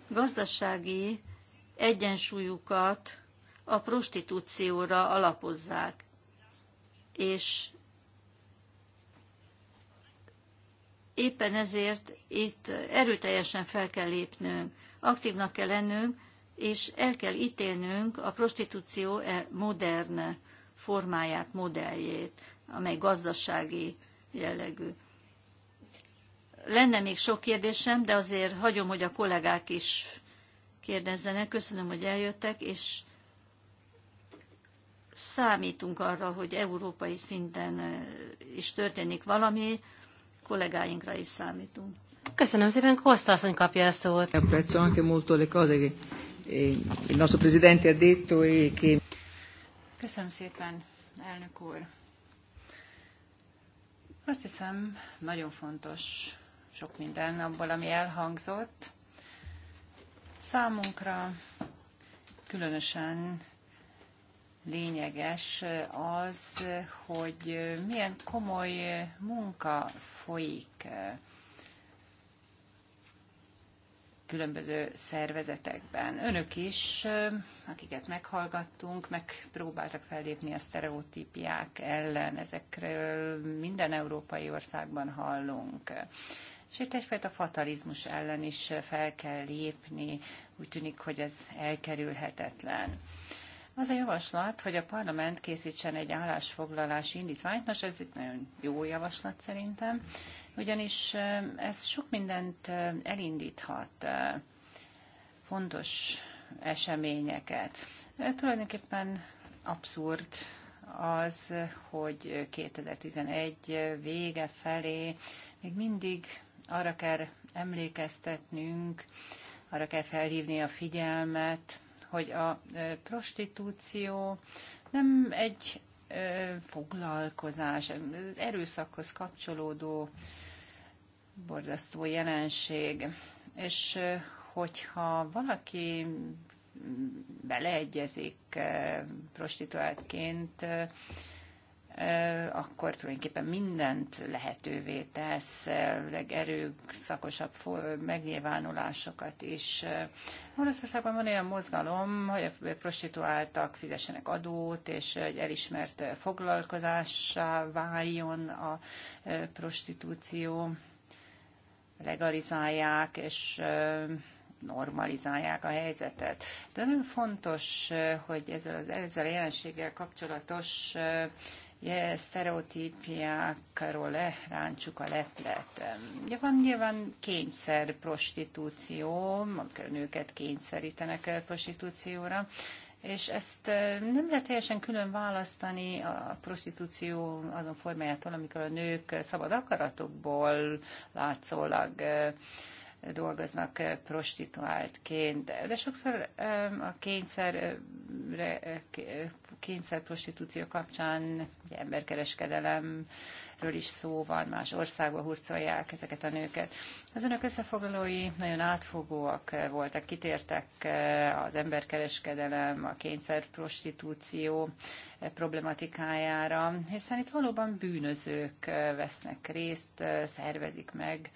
gazdasági egyensúlyukat a prostitúcióra alapozzák. És éppen ezért itt erőteljesen fel kell lépnünk, aktívnak kell lennünk, és el kell ítélnünk a prostitúció e modern formáját, modelljét, amely gazdasági jellegű. Lenne még sok kérdésem, de azért hagyom, hogy a kollégák is kérdezzenek. Köszönöm, hogy eljöttek, és számítunk arra, hogy európai szinten e, is történik valami, kollégáinkra is számítunk. Köszönöm szépen, Kosztászony kapja a szót. E il nostro Presidente ha detto e che... Köszönöm szépen, elnök úr. Azt hiszem, nagyon fontos sok minden abból, ami elhangzott. Számunkra különösen lényeges az, hogy milyen komoly munka folyik különböző szervezetekben. Önök is, akiket meghallgattunk, megpróbáltak fellépni a sztereotípiák ellen. Ezekről minden európai országban hallunk. És itt egyfajta fatalizmus ellen is fel kell lépni. Úgy tűnik, hogy ez elkerülhetetlen. Az a javaslat, hogy a parlament készítsen egy állásfoglalási indítványt, most ez itt nagyon jó javaslat szerintem, ugyanis ez sok mindent elindíthat, fontos eseményeket. De tulajdonképpen abszurd az, hogy 2011 vége felé még mindig arra kell emlékeztetnünk, arra kell felhívni a figyelmet, hogy a prostitúció nem egy foglalkozás, erőszakhoz kapcsolódó borzasztó jelenség. És hogyha valaki beleegyezik prostituáltként akkor tulajdonképpen mindent lehetővé tesz, legerőszakosabb megnyilvánulásokat is. Oroszországban van olyan mozgalom, hogy a prostituáltak fizessenek adót, és egy elismert foglalkozássá váljon a prostitúció, legalizálják, és normalizálják a helyzetet. De nagyon fontos, hogy ezzel, az, ezzel a jelenséggel kapcsolatos sztereotípiákról leráncsuk a leplet. Van nyilván kényszer prostitúció, amikor nőket kényszerítenek prostitúcióra, és ezt nem lehet teljesen külön választani a prostitúció azon formájától, amikor a nők szabad akaratokból látszólag dolgoznak eh, prostituáltként, de sokszor eh, a kényszer, eh, kényszer prostitúció kapcsán ugye emberkereskedelemről is szó van, más országba hurcolják ezeket a nőket. Az önök összefoglalói nagyon átfogóak voltak, kitértek az emberkereskedelem, a kényszer prostitúció problematikájára, hiszen itt valóban bűnözők vesznek részt, szervezik meg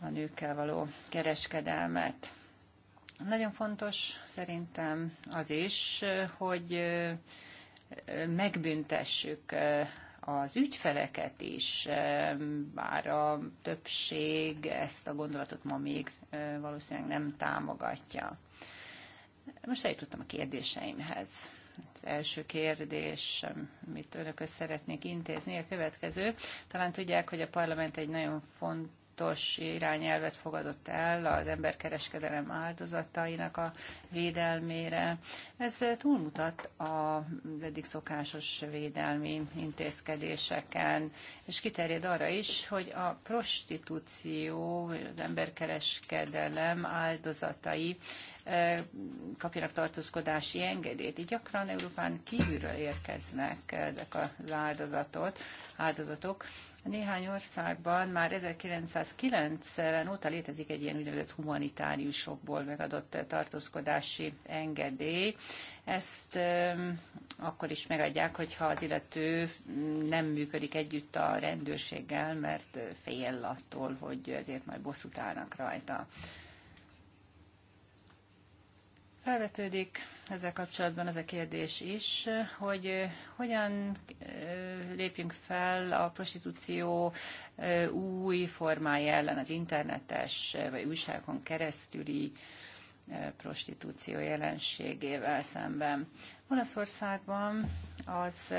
a nőkkel való kereskedelmet. Nagyon fontos szerintem az is, hogy megbüntessük az ügyfeleket is, bár a többség ezt a gondolatot ma még valószínűleg nem támogatja. Most eljutottam a kérdéseimhez. Az első kérdés, amit önökhöz szeretnék intézni, a következő. Talán tudják, hogy a parlament egy nagyon fontos 2006-os irányelvet fogadott el az emberkereskedelem áldozatainak a védelmére. Ez túlmutat a eddig szokásos védelmi intézkedéseken, és kiterjed arra is, hogy a prostitúció, az emberkereskedelem áldozatai eh, kapjanak tartózkodási engedélyt. Így gyakran Európán kívülről érkeznek ezek az áldozatot, áldozatok, néhány országban már 1990 óta létezik egy ilyen úgynevezett humanitáriusokból megadott tartózkodási engedély. Ezt akkor is megadják, hogyha az illető mm, nem működik együtt a rendőrséggel, mert fél attól, hogy ezért majd bosszút állnak rajta. Felvetődik ezzel kapcsolatban az a kérdés is, hogy hogyan lépjünk fel a prostitúció új formája ellen, az internetes vagy újságon keresztüli prostitúció jelenségével szemben. Olaszországban az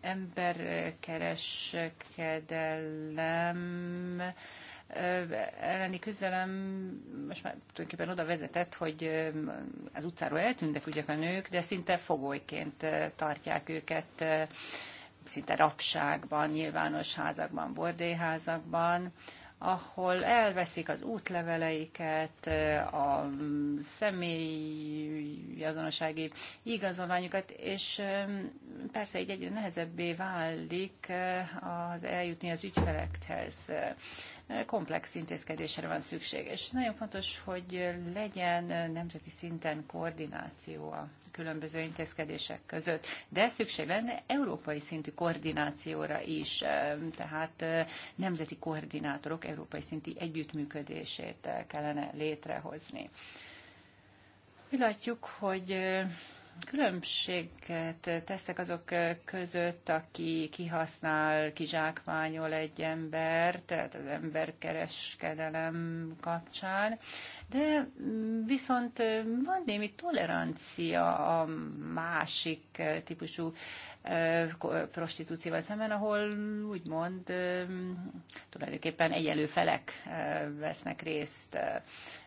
emberkereskedelem elleni küzdelem most már tulajdonképpen oda vezetett, hogy az utcáról eltűntek ugye a nők, de szinte fogolyként tartják őket, szinte rabságban, nyilvános házakban, bordélyházakban ahol elveszik az útleveleiket, a személyi azonossági igazolványukat, és persze így egyre nehezebbé válik az eljutni az ügyfelekhez. Komplex intézkedésre van szükség, és nagyon fontos, hogy legyen nemzeti szinten koordináció a különböző intézkedések között. De szükség lenne európai szintű koordinációra is, tehát nemzeti koordinátorok európai szinti együttműködését kellene létrehozni. Mi látjuk, hogy különbséget tesztek azok között, aki kihasznál, kizsákmányol egy ember, tehát az emberkereskedelem kapcsán, de mm, viszont van némi tolerancia a másik típusú prostitúcióval szemben, ahol úgymond tulajdonképpen egyelő felek vesznek részt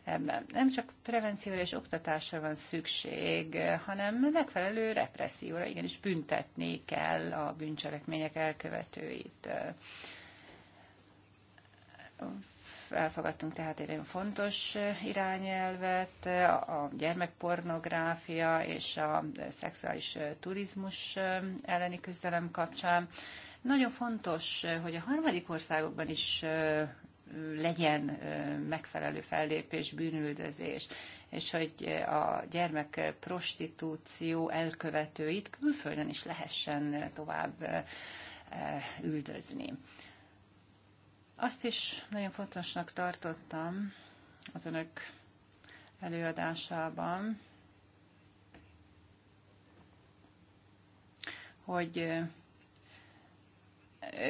ebben. Nem csak prevencióra és oktatásra van szükség, hanem megfelelő represszióra, igenis büntetni kell a bűncselekmények elkövetőit elfogadtunk tehát egy nagyon fontos eh, irányelvet, eh, a gyermekpornográfia és a eh, szexuális turizmus elleni küzdelem kapcsán. Nagyon fontos, hogy a harmadik országokban is legyen megfelelő fellépés, bűnüldözés, és hogy a gyermek prostitúció elkövetőit külföldön is lehessen tovább üldözni. Azt is nagyon fontosnak tartottam az önök előadásában, hogy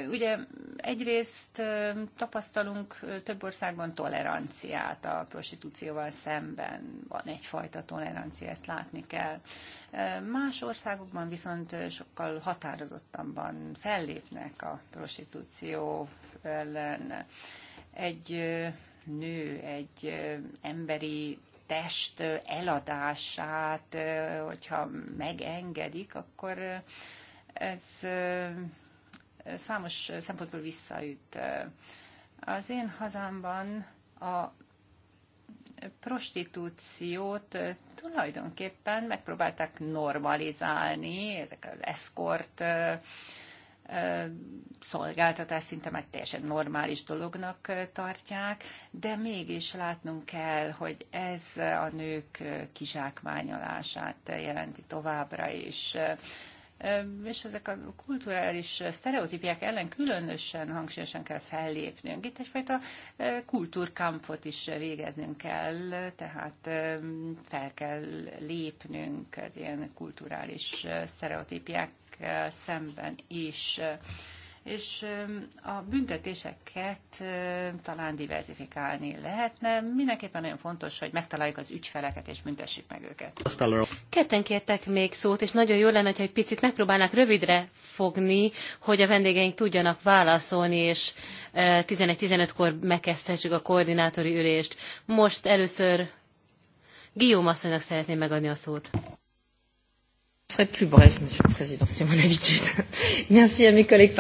ugye egyrészt tapasztalunk több országban toleranciát a prostitúcióval szemben, van egyfajta tolerancia, ezt látni kell. Más országokban viszont sokkal határozottabban fellépnek a prostitúció ellen. Egy nő, egy emberi test eladását, hogyha megengedik, akkor ez számos szempontból visszaüt. Az én hazámban a prostitúciót tulajdonképpen megpróbálták normalizálni, ezek az eszkort szolgáltatás szinte meg teljesen normális dolognak tartják, de mégis látnunk kell, hogy ez a nők kizsákmányolását jelenti továbbra is és ezek a kulturális sztereotípiák ellen különösen hangsúlyosan kell fellépnünk. Itt egyfajta kultúrkampot is végeznünk kell, tehát fel kell lépnünk az ilyen kulturális sztereotípiák emberekkel szemben is. És a büntetéseket talán diversifikálni lehetne. Mindenképpen nagyon fontos, hogy megtaláljuk az ügyfeleket és büntessük meg őket. Ketten kértek még szót, és nagyon jó lenne, ha egy picit megpróbálnak rövidre fogni, hogy a vendégeink tudjanak válaszolni, és 11-15-kor megkezdhessük a koordinátori ülést. Most először Guillaume asszonynak szeretném megadni a szót serai plus bref, Monsieur le Président, c'est mon habitude. Merci à mes collègues.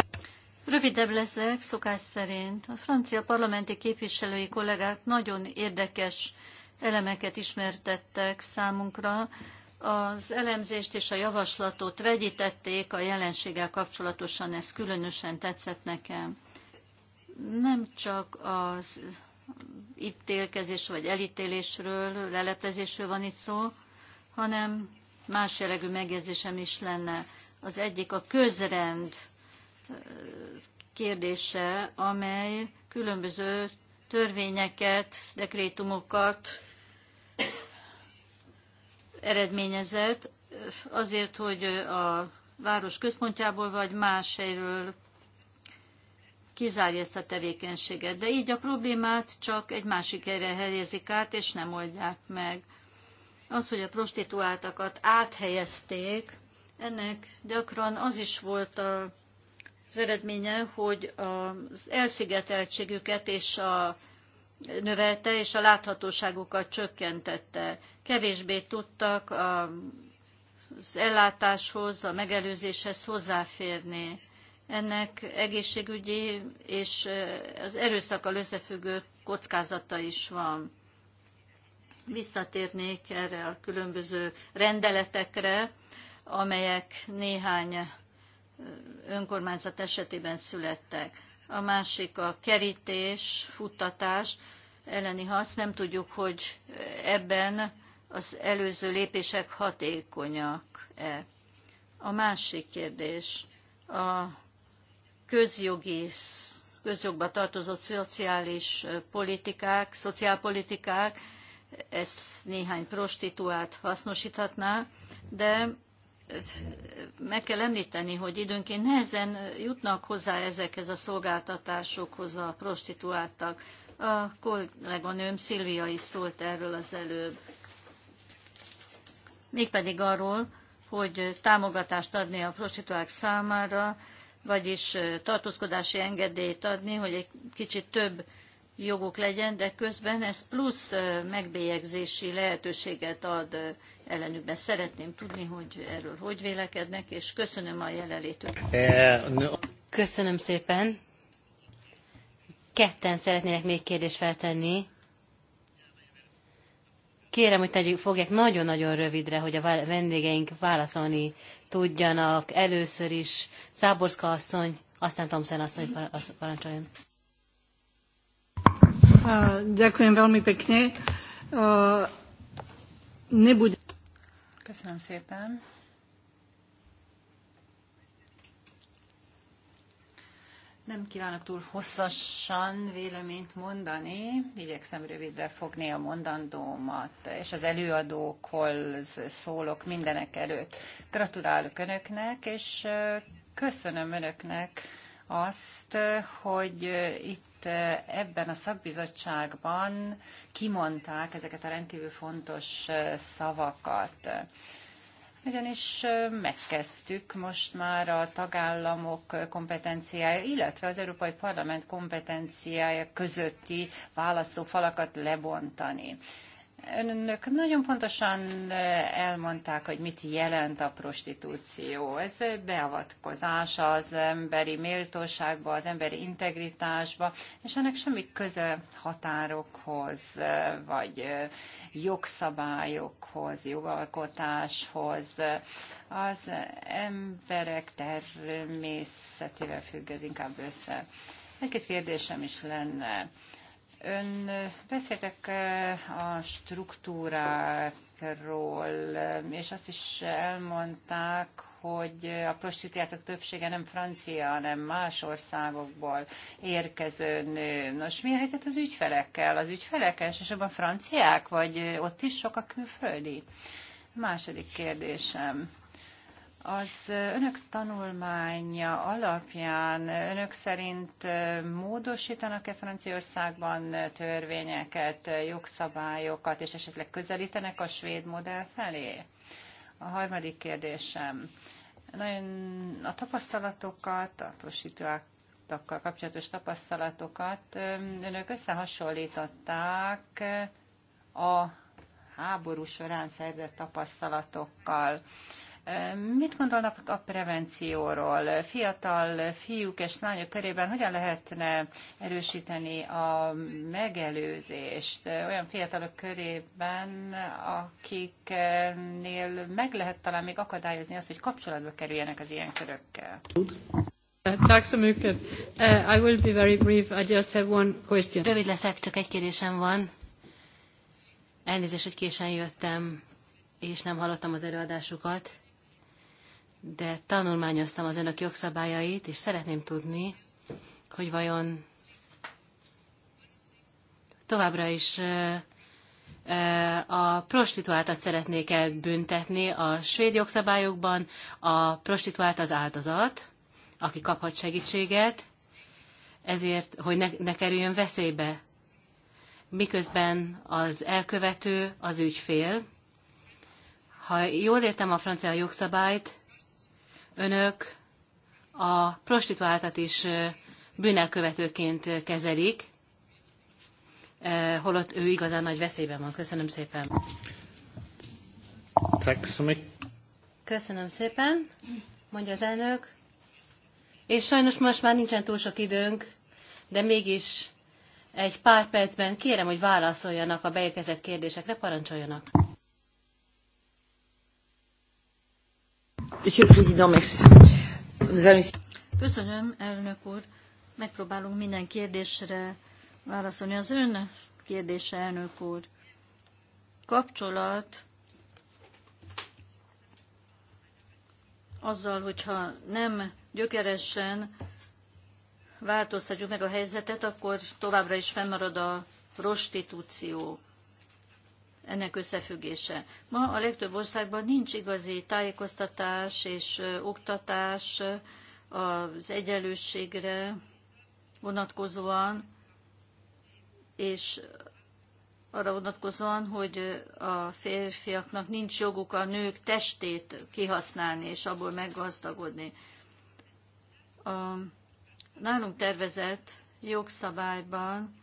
Rövidebb leszek szokás szerint. A francia parlamenti képviselői kollégák nagyon érdekes elemeket ismertettek számunkra. Az elemzést és a javaslatot vegyítették a jelenséggel kapcsolatosan, ez különösen tetszett nekem. Nem csak az ítélkezés vagy elítélésről, leleplezésről van itt szó, hanem más jellegű megjegyzésem is lenne. Az egyik a közrend kérdése, amely különböző törvényeket, dekrétumokat eredményezett azért, hogy a város központjából vagy más helyről kizárja ezt a tevékenységet. De így a problémát csak egy másik helyre helyezik át, és nem oldják meg az, hogy a prostituáltakat áthelyezték, ennek gyakran az is volt a, az eredménye, hogy az elszigeteltségüket és a növelte, és a láthatóságukat csökkentette. Kevésbé tudtak a az ellátáshoz, a megelőzéshez hozzáférni. Ennek egészségügyi és eh, az erőszakkal összefüggő kockázata is van visszatérnék erre a különböző rendeletekre, amelyek néhány önkormányzat esetében születtek. A másik a kerítés, futtatás elleni harc. Nem tudjuk, hogy ebben az előző lépések hatékonyak-e. A másik kérdés a közjogi, közjogba tartozó szociális politikák, szociálpolitikák, ezt néhány prostituált hasznosíthatná, de meg kell említeni, hogy időnként nehezen jutnak hozzá ezekhez a szolgáltatásokhoz a prostituáltak. A kolléganőm Szilvia is szólt erről az előbb. Mégpedig arról, hogy támogatást adni a prostituálk számára, vagyis tartózkodási engedélyt adni, hogy egy kicsit több joguk legyen, de közben ez plusz megbélyegzési lehetőséget ad ellenükben. Szeretném tudni, hogy erről hogy vélekednek, és köszönöm a jelenlétüket. Eh, köszönöm szépen. Ketten szeretnének még kérdést feltenni. Kérem, hogy tegyük, fogják nagyon-nagyon rövidre, hogy a vendégeink válaszolni tudjanak. Először is Száborszka asszony, aztán Tomszen asszony parancsoljon. Ďakujem veľmi pekne. Nebude... Köszönöm szépen. Nem kívánok túl hosszasan véleményt mondani, igyekszem rövidre fogni a mondandómat, és az előadókhoz szólok mindenek előtt. Gratulálok Önöknek, és köszönöm Önöknek azt, hogy itt Eh, ebben a szakbizottságban kimondták ezeket a rendkívül fontos eh, szavakat. Ugyanis eh, megkezdtük most már a tagállamok kompetenciája, illetve az Európai Parlament kompetenciája közötti választófalakat lebontani. Önök nagyon pontosan eh, elmondták, hogy mit jelent a prostitúció. Ez beavatkozás az emberi méltóságba, az emberi integritásba, és ennek semmi köze határokhoz, eh, vagy eh, jogszabályokhoz, jogalkotáshoz. Az emberek természetével függ ez inkább össze. Egy-két kérdésem is lenne. Ön beszéltek a struktúrákról, és azt is elmondták, hogy a prostituáltak többsége nem francia, hanem más országokból érkező nő. Nos, mi a helyzet az ügyfelekkel? Az ügyfelek elsősorban franciák, vagy ott is sok a külföldi? Második kérdésem. Az önök tanulmánya alapján önök szerint módosítanak-e Franciaországban törvényeket, jogszabályokat, és esetleg közelítenek a svéd modell felé? A harmadik kérdésem. Nagyon a tapasztalatokat, a prostituáltakkal kapcsolatos tapasztalatokat önök összehasonlították a háború során szerzett tapasztalatokkal. Mit gondolnak a prevencióról? Fiatal fiúk és lányok körében hogyan lehetne erősíteni a megelőzést olyan fiatalok körében, akiknél meg lehet talán még akadályozni azt, hogy kapcsolatba kerüljenek az ilyen körökkel? Uh, I will be very brief. I just have one question. Rövid leszek, csak egy kérdésem van. Elnézést, hogy későn jöttem, és nem hallottam az előadásukat de tanulmányoztam az önök jogszabályait, és szeretném tudni, hogy vajon továbbra is a prostituáltat szeretnék büntetni A svéd jogszabályokban a prostituált az áldozat, aki kaphat segítséget, ezért, hogy ne, ne kerüljön veszélybe. Miközben az elkövető az ügyfél. Ha jól értem a francia jogszabályt, önök a prostituáltat is bűnelkövetőként kezelik, holott ő igazán nagy veszélyben van. Köszönöm szépen. Köszönöm szépen, mondja az elnök. És sajnos most már nincsen túl sok időnk, de mégis egy pár percben kérem, hogy válaszoljanak a beérkezett kérdésekre, parancsoljanak. Köszönöm, elnök úr. Megpróbálunk minden kérdésre válaszolni. Az ön kérdése, elnök úr. Kapcsolat azzal, hogyha nem gyökeresen változtatjuk meg a helyzetet, akkor továbbra is fennmarad a prostitúció ennek összefüggése. Ma a legtöbb országban nincs igazi tájékoztatás és oktatás az egyenlőségre vonatkozóan, és arra vonatkozóan, hogy a férfiaknak nincs joguk a nők testét kihasználni és abból meggazdagodni. A nálunk tervezett jogszabályban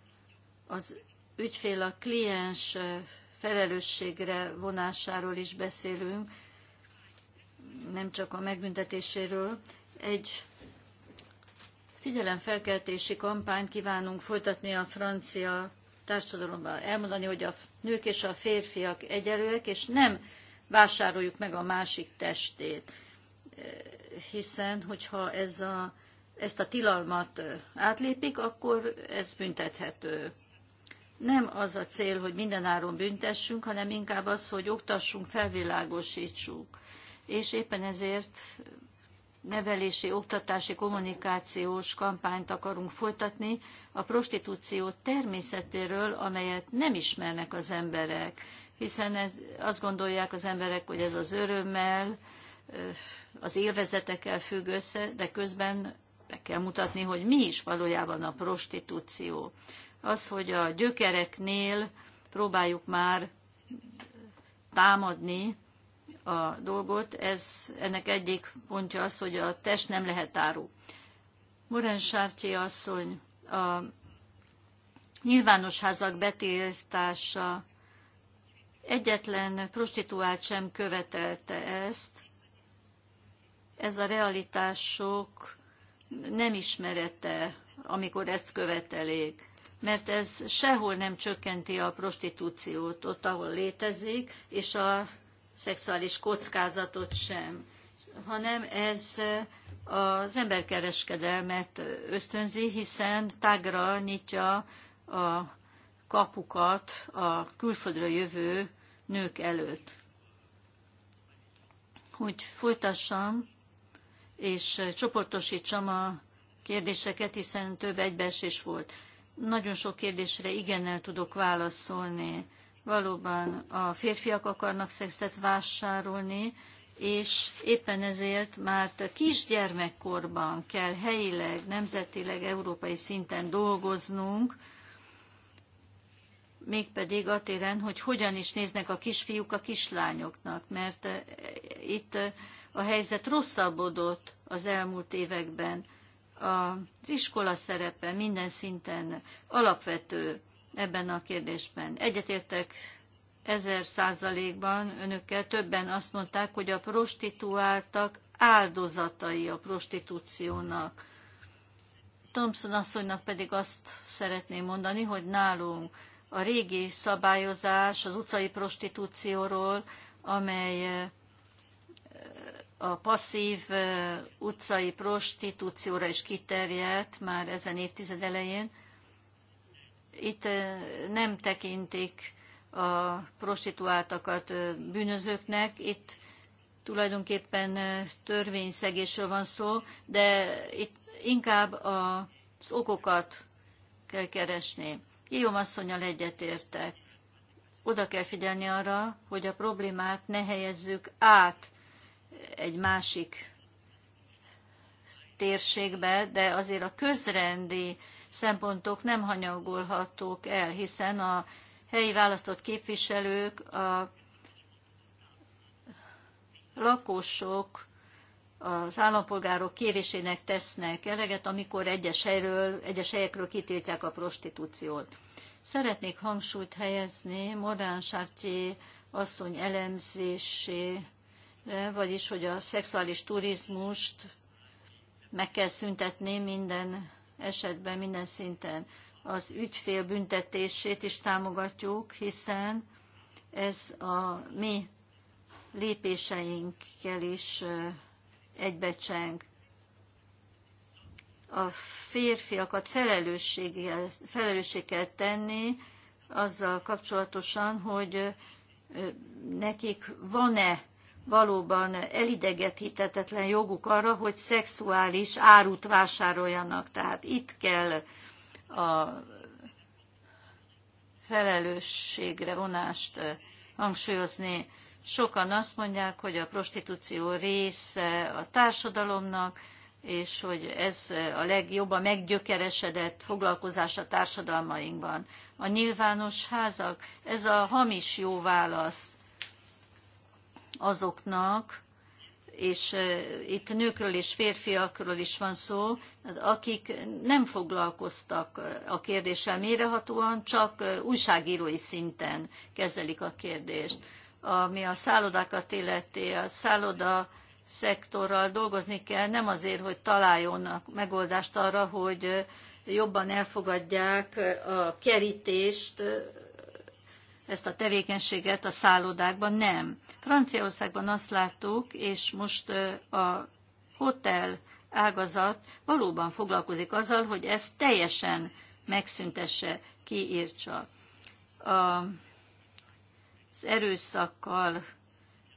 az ügyfél a kliens felelősségre vonásáról is beszélünk, nem csak a megbüntetéséről. Egy figyelemfelkeltési kampányt kívánunk folytatni a francia társadalomban. Elmondani, hogy a nők és a férfiak egyelőek, és nem vásároljuk meg a másik testét. Hiszen, hogyha ez a, ezt a tilalmat átlépik, akkor ez büntethető nem az a cél, hogy mindenáron büntessünk, hanem inkább az, hogy oktassunk, felvilágosítsuk. És éppen ezért nevelési, oktatási, kommunikációs kampányt akarunk folytatni a prostitúció természetéről, amelyet nem ismernek az emberek, hiszen ez, azt gondolják az emberek, hogy ez az örömmel, az élvezetekkel függ össze, de közben be kell mutatni, hogy mi is valójában a prostitúció az, hogy a gyökereknél próbáljuk már támadni a dolgot, ez, ennek egyik pontja az, hogy a test nem lehet áru. Morán Sárcsi asszony, a nyilvános házak betiltása egyetlen prostituált sem követelte ezt. Ez a realitások nem ismerete, amikor ezt követelik mert ez sehol nem csökkenti a prostitúciót ott, ahol létezik, és a szexuális kockázatot sem, hanem ez eh, az emberkereskedelmet ösztönzi, hiszen tágra nyitja a kapukat a külföldre jövő nők előtt. Hogy folytassam, és csoportosítsam a kérdéseket, hiszen több egybeesés volt nagyon sok kérdésre igennel tudok válaszolni. Valóban a férfiak akarnak szexet vásárolni, és éppen ezért már kisgyermekkorban kell helyileg, nemzetileg, európai szinten dolgoznunk, mégpedig a téren, hogy hogyan is néznek a kisfiúk a kislányoknak, mert eh, itt a helyzet rosszabbodott az elmúlt években az iskola szerepe minden szinten alapvető ebben a kérdésben. Egyetértek ezer százalékban önökkel többen azt mondták, hogy a prostituáltak áldozatai a prostitúciónak. Thompson asszonynak pedig azt szeretném mondani, hogy nálunk a régi szabályozás az utcai prostitúcióról, amely a passzív utcai prostitúcióra is kiterjedt már ezen évtized elején. Itt nem tekintik a prostituáltakat bűnözőknek, itt tulajdonképpen törvényszegésről van szó, de itt inkább az okokat kell keresni. Jó asszonyal egyetértek. Oda kell figyelni arra, hogy a problémát ne helyezzük át egy másik térségbe, de azért a közrendi szempontok nem hanyagolhatók el, hiszen a helyi választott képviselők, a lakosok az állampolgárok kérésének tesznek eleget, amikor egyes, helyről, egyes helyekről kitiltják a prostitúciót. Szeretnék hangsúlyt helyezni Morán Sártyé asszony elemzésé E, vagyis hogy a szexuális turizmust meg kell szüntetni minden esetben, minden szinten. Az ügyfél büntetését is támogatjuk, hiszen ez a mi lépéseinkkel is e, egybecseng. A férfiakat felelősséggel, felelősséggel tenni azzal kapcsolatosan, hogy e, nekik van-e valóban elideget hitetetlen joguk arra, hogy szexuális árut vásároljanak. Tehát itt kell a felelősségre vonást eh, hangsúlyozni. Sokan azt mondják, hogy a prostitúció része a társadalomnak, és hogy ez eh, a legjobban meggyökeresedett foglalkozás a társadalmainkban. A nyilvános házak, ez a hamis jó válasz azoknak, és itt nőkről és férfiakról is van szó, akik nem foglalkoztak a kérdéssel mérehatóan, csak újságírói szinten kezelik a kérdést. Ami a szállodákat illeti, a szálloda szektorral dolgozni kell, nem azért, hogy találjon a megoldást arra, hogy jobban elfogadják a kerítést ezt a tevékenységet a szállodákban. Nem. Franciaországban azt láttuk, és most a hotel ágazat valóban foglalkozik azzal, hogy ezt teljesen megszüntesse, kiírtsa. A, az erőszakkal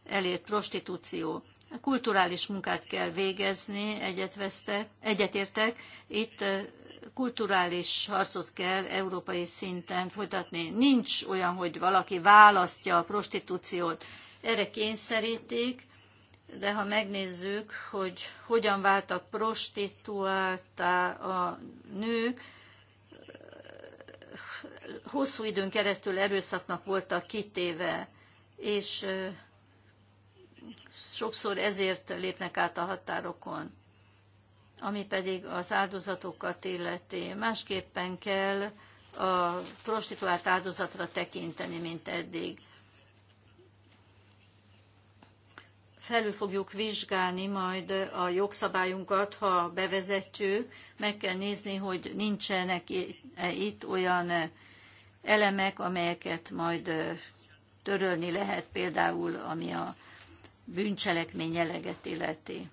elért prostitúció. A kulturális munkát kell végezni, egyetértek. Itt kulturális harcot kell európai szinten folytatni. Nincs olyan, hogy valaki választja a prostitúciót, erre kényszerítik, de ha megnézzük, hogy hogyan váltak prostituáltá a nők, hosszú időn keresztül erőszaknak voltak kitéve, és sokszor ezért lépnek át a határokon ami pedig az áldozatokat illeti. Másképpen kell a prostituált áldozatra tekinteni, mint eddig. Felül fogjuk vizsgálni majd a jogszabályunkat, ha bevezetjük. Meg kell nézni, hogy nincsenek e, itt olyan elemek, amelyeket majd törölni lehet, például ami a bűncselekmény eleget illeti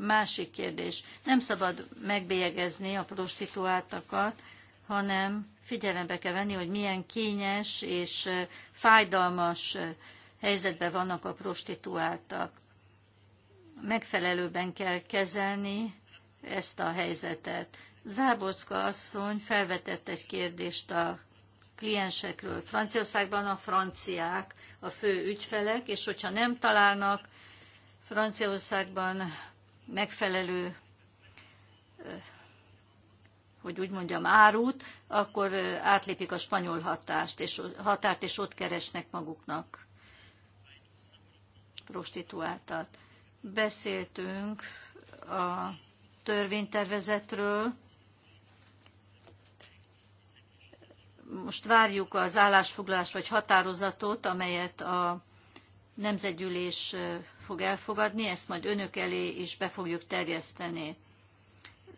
másik kérdés. Nem szabad megbélyegezni a prostituáltakat, hanem figyelembe kell venni, hogy milyen kényes és fájdalmas helyzetben vannak a prostituáltak. Megfelelőben kell kezelni ezt a helyzetet. Záborcka asszony felvetett egy kérdést a kliensekről. Franciaországban a franciák a fő ügyfelek, és hogyha nem találnak Franciaországban megfelelő, hogy úgy mondjam, árut, akkor átlépik a spanyol hatást, és, határt, és ott keresnek maguknak prostituáltat. Beszéltünk a törvénytervezetről, most várjuk az állásfoglalás vagy határozatot, amelyet a nemzetgyűlés fog elfogadni, ezt majd önök elé is be fogjuk terjeszteni.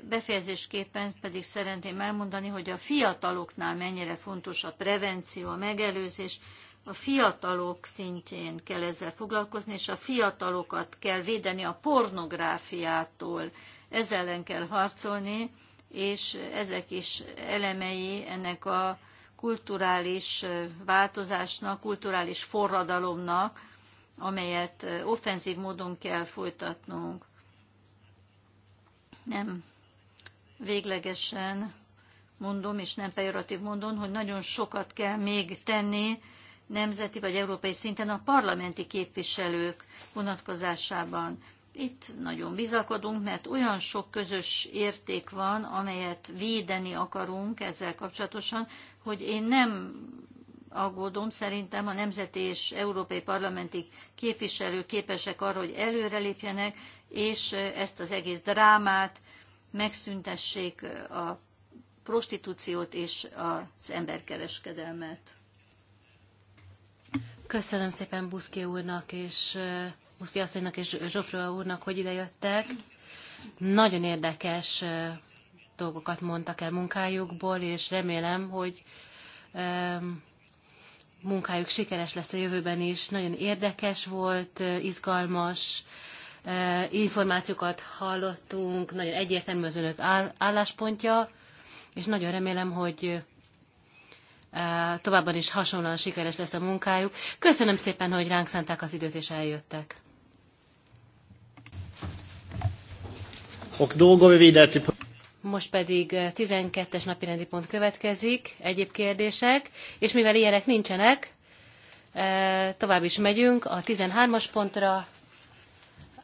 Befejezésképpen pedig szeretném elmondani, hogy a fiataloknál mennyire fontos a prevenció, a megelőzés, a fiatalok szintjén kell ezzel foglalkozni, és a fiatalokat kell védeni a pornográfiától. Ezzel ellen kell harcolni, és ezek is elemei ennek a kulturális változásnak, kulturális forradalomnak, amelyet offenzív módon kell folytatnunk. Nem véglegesen mondom, és nem pejoratív mondom, hogy nagyon sokat kell még tenni nemzeti vagy európai szinten a parlamenti képviselők vonatkozásában. Itt nagyon bizakodunk, mert olyan sok közös érték van, amelyet védeni akarunk ezzel kapcsolatosan, hogy én nem aggódom. Szerintem a nemzeti és európai parlamenti képviselők képesek arra, hogy előrelépjenek, és ezt az egész drámát megszüntessék a prostitúciót és az emberkereskedelmet. Köszönöm szépen Buszki úrnak és Buszki asszonynak és Zsofra úrnak, hogy idejöttek. Nagyon érdekes dolgokat mondtak el munkájukból, és remélem, hogy munkájuk sikeres lesz a jövőben is. Nagyon érdekes volt, izgalmas, információkat hallottunk, nagyon egyértelmű az önök álláspontja, és nagyon remélem, hogy továbban is hasonlóan sikeres lesz a munkájuk. Köszönöm szépen, hogy ránk szánták az időt és eljöttek. Most pedig 12-es eh, napirendi pont következik, egyéb kérdések, és mivel ilyenek nincsenek, eh, tovább is megyünk a 13-as pontra,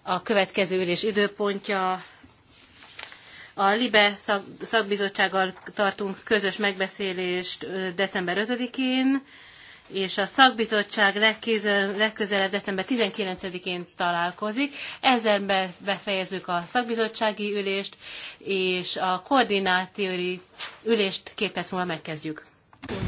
a következő ülés időpontja a LIBE szakbizottsággal tartunk közös megbeszélést december 5-én, és a szakbizottság legközelebb, december 19-én találkozik. Ezzel befejezzük a szakbizottsági ülést, és a koordinátori ülést két perc múlva megkezdjük.